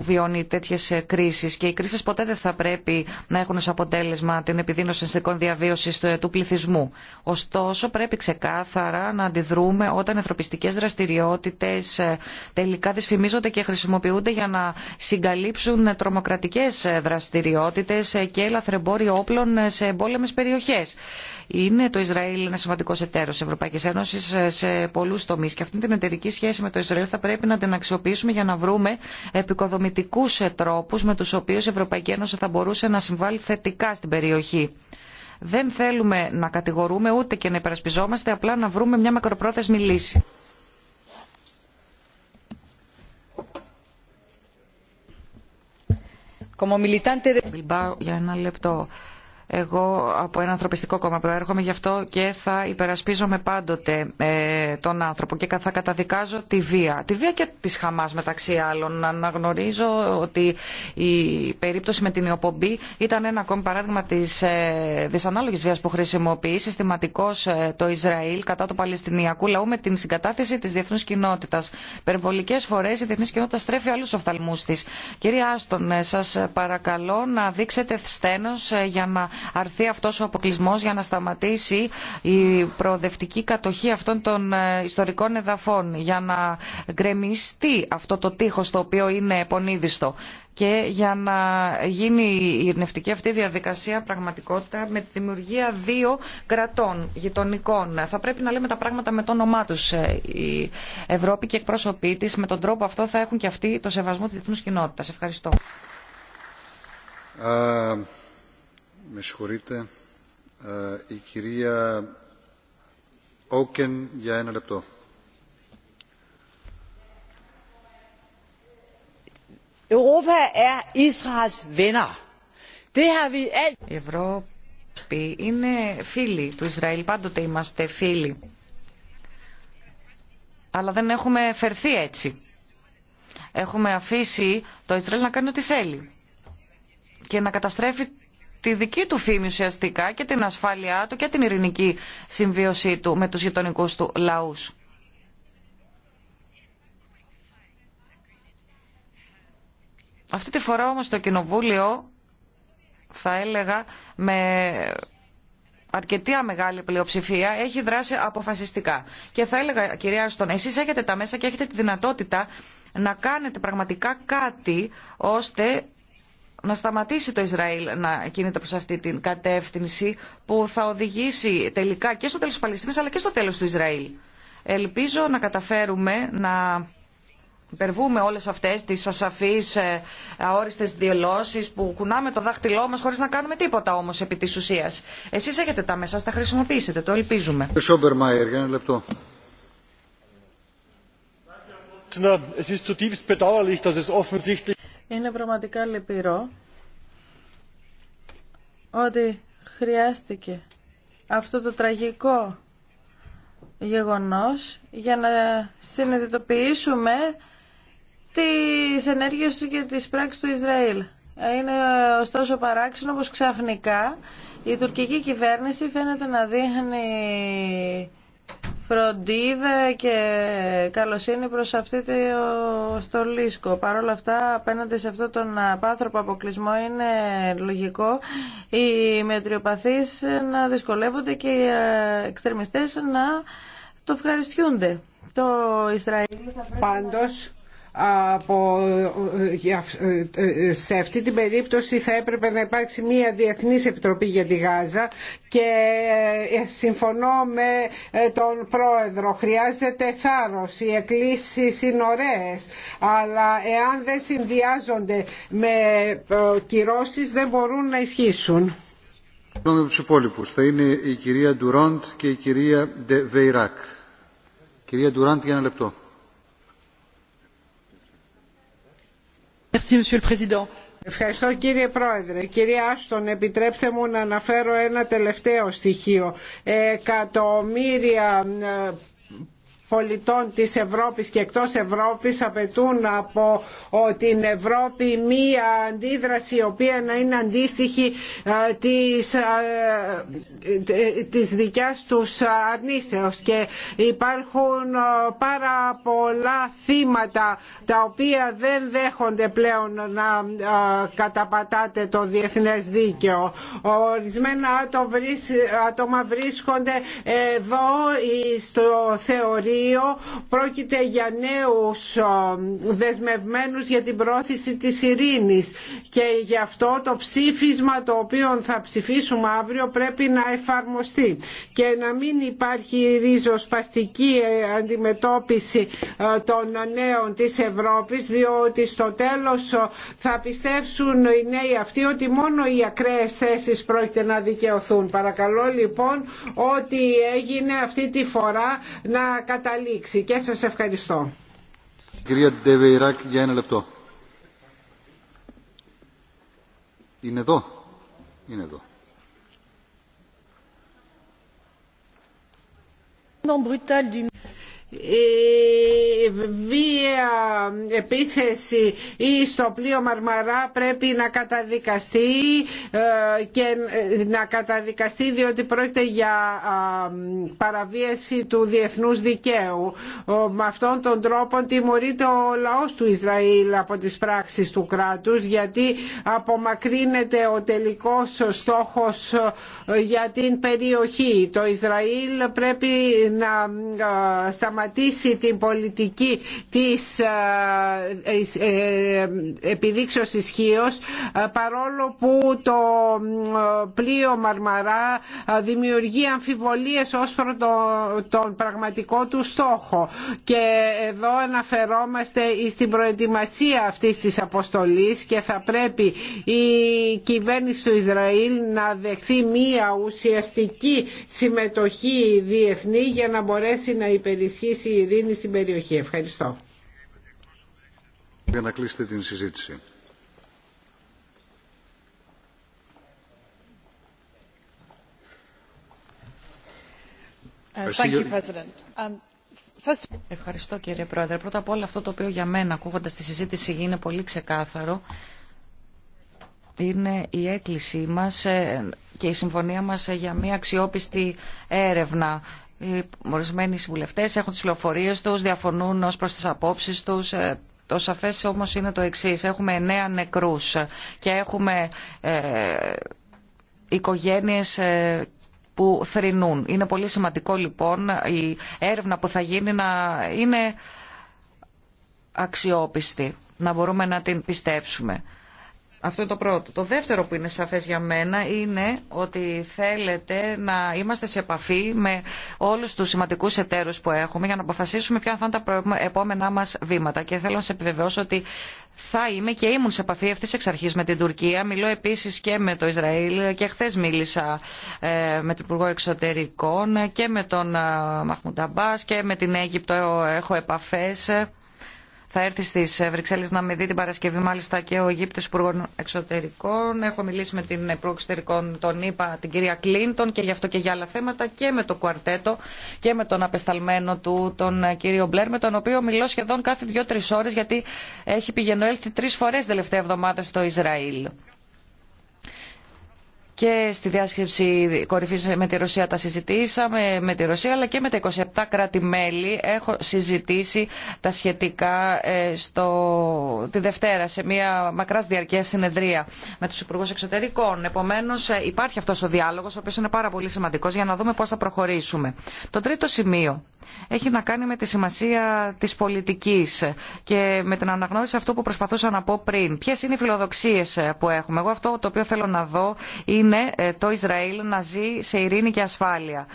Speaker 4: βιώνει τέτοιε κρίσει και οι κρίσει ποτέ δεν θα πρέπει να έχουν ω αποτέλεσμα την επιδείνωση συνθηκών διαβίωση ε, του πληθυσμού. Ωστόσο, πρέπει ξεκάθαρα να αντιδρούμε όταν ανθρωπιστικέ δραστηριότητε ε, τελικά δυσφημίζονται και χρησιμοποιούνται για να συγκαλύψουν ε, τρομοκρατικέ δραστηριότητε και λαθρεμπόριο όπλων σε εμπόλεμε περιοχέ. Είναι το Ισραήλ ένα σημαντικό εταίρο τη Ευρωπαϊκή Ένωση σε πολλού τομεί και αυτή την εταιρική σχέση με το Ισραήλ θα πρέπει να την αξιοποιήσουμε για να βρούμε επικοδομητικού τρόπου με του οποίου η Ευρωπαϊκή Ένωση θα μπορούσε να συμβάλλει θετικά στην περιοχή. Δεν θέλουμε να κατηγορούμε ούτε και να υπερασπιζόμαστε, απλά να βρούμε μια μακροπρόθεσμη λύση. για ένα λεπτό. Εγώ από ένα ανθρωπιστικό κόμμα προέρχομαι, γι' αυτό και θα υπερασπίζομαι πάντοτε ε, τον άνθρωπο και θα καταδικάζω τη βία. Τη βία και τη Χαμά μεταξύ άλλων. αναγνωρίζω ότι η περίπτωση με την Ιωπομπή ήταν ένα ακόμη παράδειγμα τη ε, δυσανάλογη βία που χρησιμοποιεί συστηματικώ ε, το Ισραήλ κατά του Παλαιστινιακού λαού με την συγκατάθεση τη διεθνού κοινότητα. Περιβολικέ φορέ η διεθνή κοινότητα στρέφει άλλου οφθαλμού τη. Κυρία Άστον, ε, σα παρακαλώ να δείξετε σθένο για να αρθεί αυτός ο αποκλεισμός για να σταματήσει η προοδευτική κατοχή αυτών των ε, ιστορικών εδαφών, για να γκρεμιστεί αυτό το τείχος το οποίο είναι πονίδιστο και για να γίνει η ειρνευτική αυτή διαδικασία πραγματικότητα με τη δημιουργία δύο κρατών γειτονικών. Θα πρέπει να λέμε τα πράγματα με το όνομά του. Ε, η Ευρώπη και εκπροσωπή τη με τον τρόπο αυτό θα έχουν και αυτοί το σεβασμό τη διεθνού κοινότητα. Ευχαριστώ.
Speaker 2: Ε, με ε, Η κυρία Όκεν για ένα λεπτό.
Speaker 4: Er η Ευρώπη είναι φίλη του Ισραήλ. Πάντοτε είμαστε φίλοι. Αλλά δεν έχουμε φερθεί έτσι. Έχουμε αφήσει το Ισραήλ να κάνει ό,τι θέλει και να καταστρέφει τη δική του φήμη ουσιαστικά και την ασφάλειά του και την ειρηνική συμβίωσή του με τους γειτονικού του λαούς. Αυτή τη φορά όμως το Κοινοβούλιο, θα έλεγα, με αρκετή μεγάλη πλειοψηφία έχει δράσει αποφασιστικά. Και θα έλεγα, κυρία Άστον, εσείς έχετε τα μέσα και έχετε τη δυνατότητα να κάνετε πραγματικά κάτι ώστε να σταματήσει το Ισραήλ να κινείται προς αυτή την κατεύθυνση που θα οδηγήσει τελικά και στο τέλος τη Παλαιστίνης αλλά και στο τέλος του Ισραήλ. Ελπίζω να καταφέρουμε να υπερβούμε όλες αυτές τις ασαφείς αόριστες διελώσεις που κουνάμε το δάχτυλό μας χωρίς να κάνουμε τίποτα όμως επί της ουσίας. Εσείς έχετε τα μέσα, θα χρησιμοποιήσετε, το ελπίζουμε. zutiefst
Speaker 2: bedauerlich, dass es offensichtlich
Speaker 6: είναι πραγματικά λυπηρό ότι χρειάστηκε αυτό το τραγικό γεγονός για να συνειδητοποιήσουμε τις ενέργειες του και τις πράξεις του Ισραήλ. Είναι ωστόσο παράξενο πως ξαφνικά η τουρκική κυβέρνηση φαίνεται να δείχνει φροντίδα και καλοσύνη προς αυτή την στολίσκο. Παρ' όλα αυτά απέναντι σε αυτόν τον απάνθρωπο αποκλεισμό είναι λογικό οι μετριοπαθείς να δυσκολεύονται και οι ε, εξτρεμιστές να το ευχαριστιούνται.
Speaker 3: Το Ισραήλ Πάντως, από, ε, ε, ε, σε αυτή την περίπτωση θα έπρεπε να υπάρξει μια διεθνής επιτροπή για τη Γάζα και συμφωνώ με τον πρόεδρο χρειάζεται θάρρος οι εκκλήσεις είναι ωραίες αλλά εάν δεν συνδυάζονται με κυρώσεις δεν μπορούν να ισχύσουν
Speaker 2: θα είναι η κυρία Ντουράντ και η κυρία Βεϊράκ κυρία Ντουράντ για ένα λεπτό
Speaker 3: Ευχαριστώ κύριε Πρόεδρε. Κυρία Άστον, επιτρέψτε μου να αναφέρω ένα τελευταίο στοιχείο. Εκατομμύρια ε, πολιτών της Ευρώπης και εκτός Ευρώπης απαιτούν από την Ευρώπη μία αντίδραση η οποία να είναι αντίστοιχη της, της δικιάς τους αρνήσεως και υπάρχουν πάρα πολλά θύματα τα οποία δεν δέχονται πλέον να καταπατάτε το διεθνές δίκαιο. Ορισμένα άτομα βρίσκονται εδώ στο θεωρεί πρόκειται για νέους δεσμευμένους για την πρόθεση της ειρήνης και γι' αυτό το ψήφισμα το οποίο θα ψηφίσουμε αύριο πρέπει να εφαρμοστεί και να μην υπάρχει παστική ε, αντιμετώπιση των νέων της Ευρώπης διότι στο τέλος θα πιστέψουν οι νέοι αυτοί ότι μόνο οι ακραίες θέσεις πρόκειται να δικαιωθούν. Παρακαλώ λοιπόν ότι έγινε αυτή τη φορά να καταλάβουμε καταλήξει και σας ευχαριστώ.
Speaker 2: Κυρία Ντεβεϊράκ, για ένα λεπτό. Είναι εδώ. Είναι εδώ
Speaker 3: η βία επίθεση ή στο πλοίο Μαρμαρά πρέπει να καταδικαστεί ε, και ε, να καταδικαστεί διότι πρόκειται για παραβίαση του διεθνούς δικαίου. Με αυτόν τον τρόπο τιμωρείται ο λαός του Ισραήλ από τις πράξεις του κράτους γιατί απομακρύνεται ο τελικός στόχος ε, για την περιοχή. Το Ισραήλ πρέπει να σταματήσει σταματήσει την πολιτική της ε, ε, ε, επιδείξεως ισχύω, παρόλο που το πλοίο Μαρμαρά δημιουργεί αμφιβολίες ως προ τον πραγματικό του στόχο και εδώ αναφερόμαστε στην προετοιμασία αυτής της αποστολής και θα πρέπει η κυβέρνηση του Ισραήλ να δεχθεί μία ουσιαστική συμμετοχή διεθνή για να μπορέσει να υπερισχύσει η ειρήνη στην περιοχή. Ευχαριστώ.
Speaker 2: Για να κλείσετε την συζήτηση.
Speaker 7: Ε,
Speaker 4: um, Ευχαριστώ κύριε Πρόεδρε. Πρώτα απ' όλα αυτό το οποίο για μένα ακούγοντας τη συζήτηση είναι πολύ ξεκάθαρο είναι η έκκλησή μας ε, και η συμφωνία μας ε, για μια αξιόπιστη έρευνα οι Ορισμένοι συμβουλευτέ έχουν τι πληροφορίε του, διαφωνούν ω προ τι απόψει του. Ε, το σαφέ όμω είναι το εξή. Έχουμε εννέα νεκρού και έχουμε ε, οικογένειε ε, που θρυνούν. Είναι πολύ σημαντικό λοιπόν η έρευνα που θα γίνει να είναι αξιόπιστη, να μπορούμε να την πιστέψουμε. Αυτό είναι το πρώτο. Το δεύτερο που είναι σαφές για μένα είναι ότι θέλετε να είμαστε σε επαφή με όλους τους σημαντικούς εταίρους που έχουμε για να αποφασίσουμε ποια θα είναι τα επόμενά μας βήματα. Και θέλω να σε επιβεβαιώσω ότι θα είμαι και ήμουν σε επαφή αυτή εξ αρχή με την Τουρκία. Μιλώ επίση και με το Ισραήλ και χθε μίλησα ε, με τον Υπουργό Εξωτερικών και με τον ε, Μαχμουνταμπά και με την Αίγυπτο έχω επαφέ θα έρθει στι ε, Βρυξέλλε να με δει την Παρασκευή, μάλιστα και ο Αιγύπτιο Υπουργό Εξωτερικών. Έχω μιλήσει με την Υπουργό Εξωτερικών, τον είπα, την κυρία Κλίντον και γι' αυτό και για άλλα θέματα και με το κουαρτέτο και με τον απεσταλμένο του, τον ε, κύριο Μπλερ, με τον οποίο μιλώ σχεδόν κάθε δύο-τρει ώρε, γιατί έχει πηγαίνω έλθει τρει φορέ πηγαινοελθει ελθει τρει εβδομάδα στο Ισραήλ και στη διάσκεψη κορυφή με τη Ρωσία τα συζητήσαμε με τη Ρωσία αλλά και με τα 27 κράτη-μέλη έχω συζητήσει τα σχετικά ε, στο, τη Δευτέρα σε μια μακρά διαρκεία συνεδρία με τους Υπουργούς Εξωτερικών. Επομένως ε, υπάρχει αυτό ο διάλογο, ο οποίο είναι πάρα πολύ σημαντικό για να δούμε πώ θα προχωρήσουμε. Το τρίτο σημείο έχει να κάνει με τη σημασία τη πολιτική και με την αναγνώριση αυτού που προσπαθούσα να πω πριν. Ποιε είναι οι φιλοδοξίε ε, που έχουμε. Εγώ αυτό το οποίο θέλω να δω είναι είναι ε, το Ισραήλ να ζει σε ειρήνη και ασφάλεια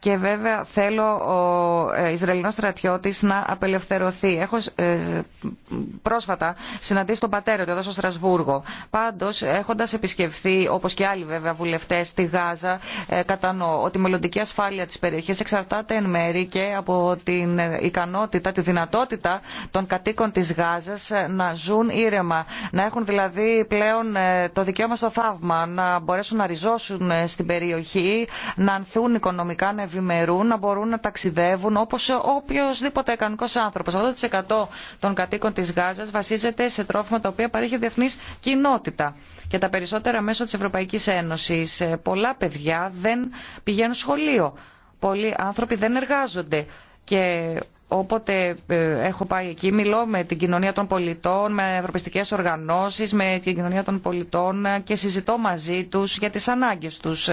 Speaker 4: και βέβαια θέλω ο ε, Ισραηλινός στρατιώτης να απελευθερωθεί. Έχω ε, πρόσφατα συναντήσει τον πατέρα του εδώ στο Στρασβούργο. Πάντως έχοντας επισκεφθεί όπως και άλλοι βέβαια βουλευτές στη Γάζα ε, κατανοώ ότι η μελλοντική ασφάλεια της περιοχής εξαρτάται εν μέρη και από την ικανότητα, τη δυνατότητα των κατοίκων της Γάζας να ζουν ήρεμα. Να έχουν δηλαδή πλέον το δικαίωμα στο θαύμα, να μπορέσουν να ριζώσουν στην περιοχή, να ανθούν οικονομικά, ευημερούν, να μπορούν να ταξιδεύουν όπως οποιοδήποτε κανονικός άνθρωπος. 80% των κατοίκων τη γάζα βασίζεται σε τρόφιμα τα οποία παρέχει διεθνή κοινότητα και τα περισσότερα μέσω τη Ευρωπαϊκή Ένωση. Ε, πολλά παιδιά δεν πηγαίνουν σχολείο. Πολλοί άνθρωποι δεν εργάζονται και Όποτε ε, έχω πάει εκεί, μιλώ με την κοινωνία των πολιτών, με ευρωπιστικές οργανώσεις, με την κοινωνία των πολιτών και συζητώ μαζί τους για τις ανάγκες τους,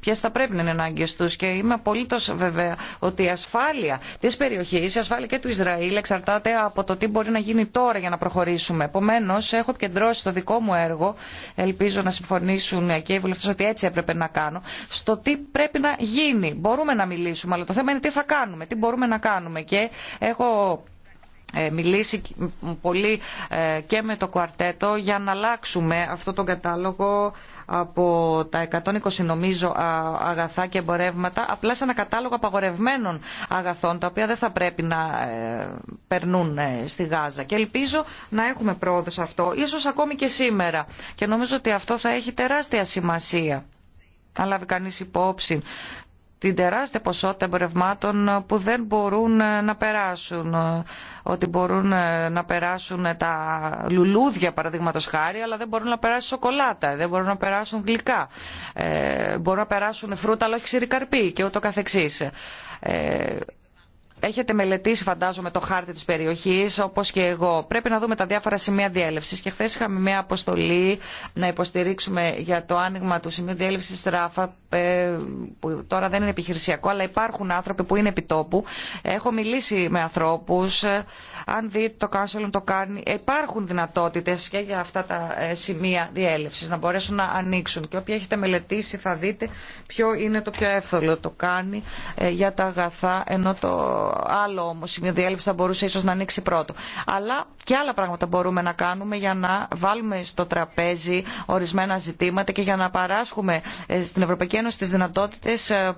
Speaker 4: ποιες θα πρέπει να είναι ανάγκες τους και είμαι απολύτως βέβαια ότι η ασφάλεια της περιοχής, η ασφάλεια και του Ισραήλ εξαρτάται από το τι μπορεί να γίνει τώρα για να προχωρήσουμε. Επομένω, έχω επικεντρώσει στο δικό μου έργο, ελπίζω να συμφωνήσουν και οι βουλευτές ότι έτσι έπρεπε να κάνω, στο τι πρέπει να γίνει. Μπορούμε να μιλήσουμε, αλλά το θέμα είναι τι θα κάνουμε, τι μπορούμε να κάνουμε. Και Έχω ε, μιλήσει πολύ ε, και με το κουαρτέτο για να αλλάξουμε αυτό τον κατάλογο από τα 120 νομίζω αγαθά και εμπορεύματα απλά σε ένα κατάλογο απαγορευμένων αγαθών τα οποία δεν θα πρέπει να ε, περνούν στη Γάζα και ελπίζω να έχουμε πρόοδο σε αυτό ίσως ακόμη και σήμερα και νομίζω ότι αυτό θα έχει τεράστια σημασία αν λάβει κανείς υπόψη την τεράστια ποσότητα εμπορευμάτων που δεν μπορούν ε, να περάσουν. Ότι μπορούν ε, να περάσουν τα λουλούδια παραδείγματο χάρη, αλλά δεν μπορούν να περάσουν σοκολάτα, δεν μπορούν να περάσουν γλυκά, ε, μπορούν να περάσουν φρούτα, αλλά όχι ξηρή καρπή και ούτω καθεξής. Έχετε μελετήσει, φαντάζομαι, το χάρτη τη περιοχή, όπω και εγώ. Πρέπει να δούμε τα διάφορα σημεία διέλευση. Και χθε είχαμε μια αποστολή να υποστηρίξουμε για το άνοιγμα του σημείου διέλευση Ράφα, ε, που τώρα δεν είναι επιχειρησιακό, αλλά υπάρχουν άνθρωποι που είναι επιτόπου. Έχω μιλήσει με ανθρώπου. Αν δείτε το Council το κάνει, υπάρχουν δυνατότητε και για αυτά τα ε, σημεία διέλευση να μπορέσουν να ανοίξουν. Και όποιοι έχετε μελετήσει θα δείτε ποιο είναι το πιο εύθολο. Το κάνει για τα αγαθά, ενώ το άλλο όμω σημείο διέλευση θα μπορούσε ίσω να ανοίξει πρώτο. Αλλά και άλλα πράγματα μπορούμε να κάνουμε για να βάλουμε στο τραπέζι ορισμένα ζητήματα και για να παράσχουμε ε, στην Ευρωπαϊκή Ένωση τι δυνατότητε ε,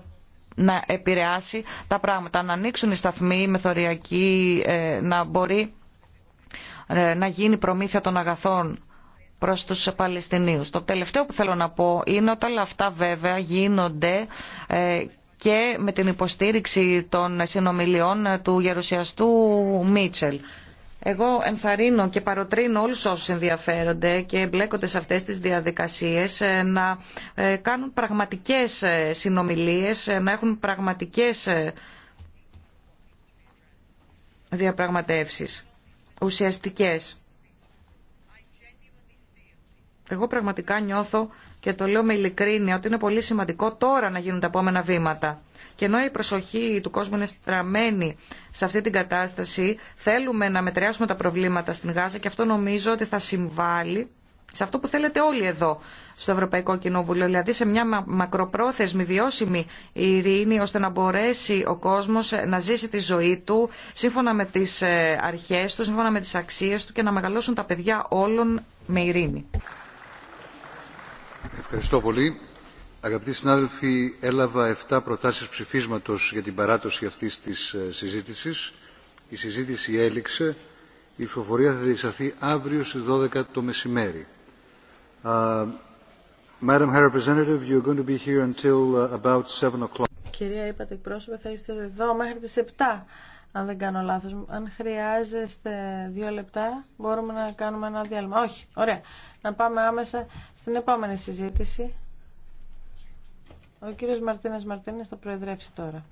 Speaker 4: να επηρεάσει τα πράγματα. Να ανοίξουν οι σταθμοί μεθοριακοί, ε, να μπορεί να γίνει προμήθεια των αγαθών προς τους Παλαιστινίους. Το τελευταίο που θέλω να πω είναι ότι όλα αυτά βέβαια γίνονται και με την υποστήριξη των συνομιλιών του γερουσιαστού Μίτσελ. Εγώ ενθαρρύνω και παροτρύνω όλους όσους ενδιαφέρονται και εμπλέκονται σε αυτές τις διαδικασίες ε, να ε, κάνουν πραγματικές ε, συνομιλίες, να έχουν πραγματικές διαπραγματεύσεις, ουσιαστικές. Εγώ πραγματικά νιώθω και το λέω με ειλικρίνεια ότι είναι πολύ σημαντικό τώρα να γίνουν τα επόμενα βήματα. Και ενώ η προσοχή του κόσμου είναι στραμμένη σε αυτή την κατάσταση, θέλουμε να μετριάσουμε τα προβλήματα στην Γάζα και αυτό νομίζω ότι θα συμβάλλει σε αυτό που θέλετε όλοι εδώ στο Ευρωπαϊκό Κοινοβούλιο, δηλαδή σε μια μακροπρόθεσμη βιώσιμη ειρήνη, ώστε να μπορέσει ο κόσμος ε, να ζήσει τη ζωή του σύμφωνα με τις ε, αρχές του, σύμφωνα με τις αξίες του και να μεγαλώσουν τα παιδιά όλων με ειρήνη.
Speaker 2: Ευχαριστώ πολύ. Αγαπητοί συνάδελφοι, έλαβα 7 προτάσεις ψηφίσματος για την παράτωση αυτής της ε, συζήτησης. Η συζήτηση έληξε. Η ψηφοφορία θα διεξαχθεί αύριο στις 12 το μεσημέρι. Madam High Representative, are going to be here until ε, about 7 o'clock.
Speaker 6: Κυρία, είπατε εκπρόσωπε, θα είστε εδώ μέχρι τις 7 αν δεν κάνω λάθος. Αν χρειάζεστε δύο λεπτά, μπορούμε να κάνουμε ένα διάλειμμα. Όχι, ωραία. Να πάμε άμεσα στην επόμενη συζήτηση. Ο κύριος Μαρτίνες Μαρτίνες θα προεδρεύσει τώρα.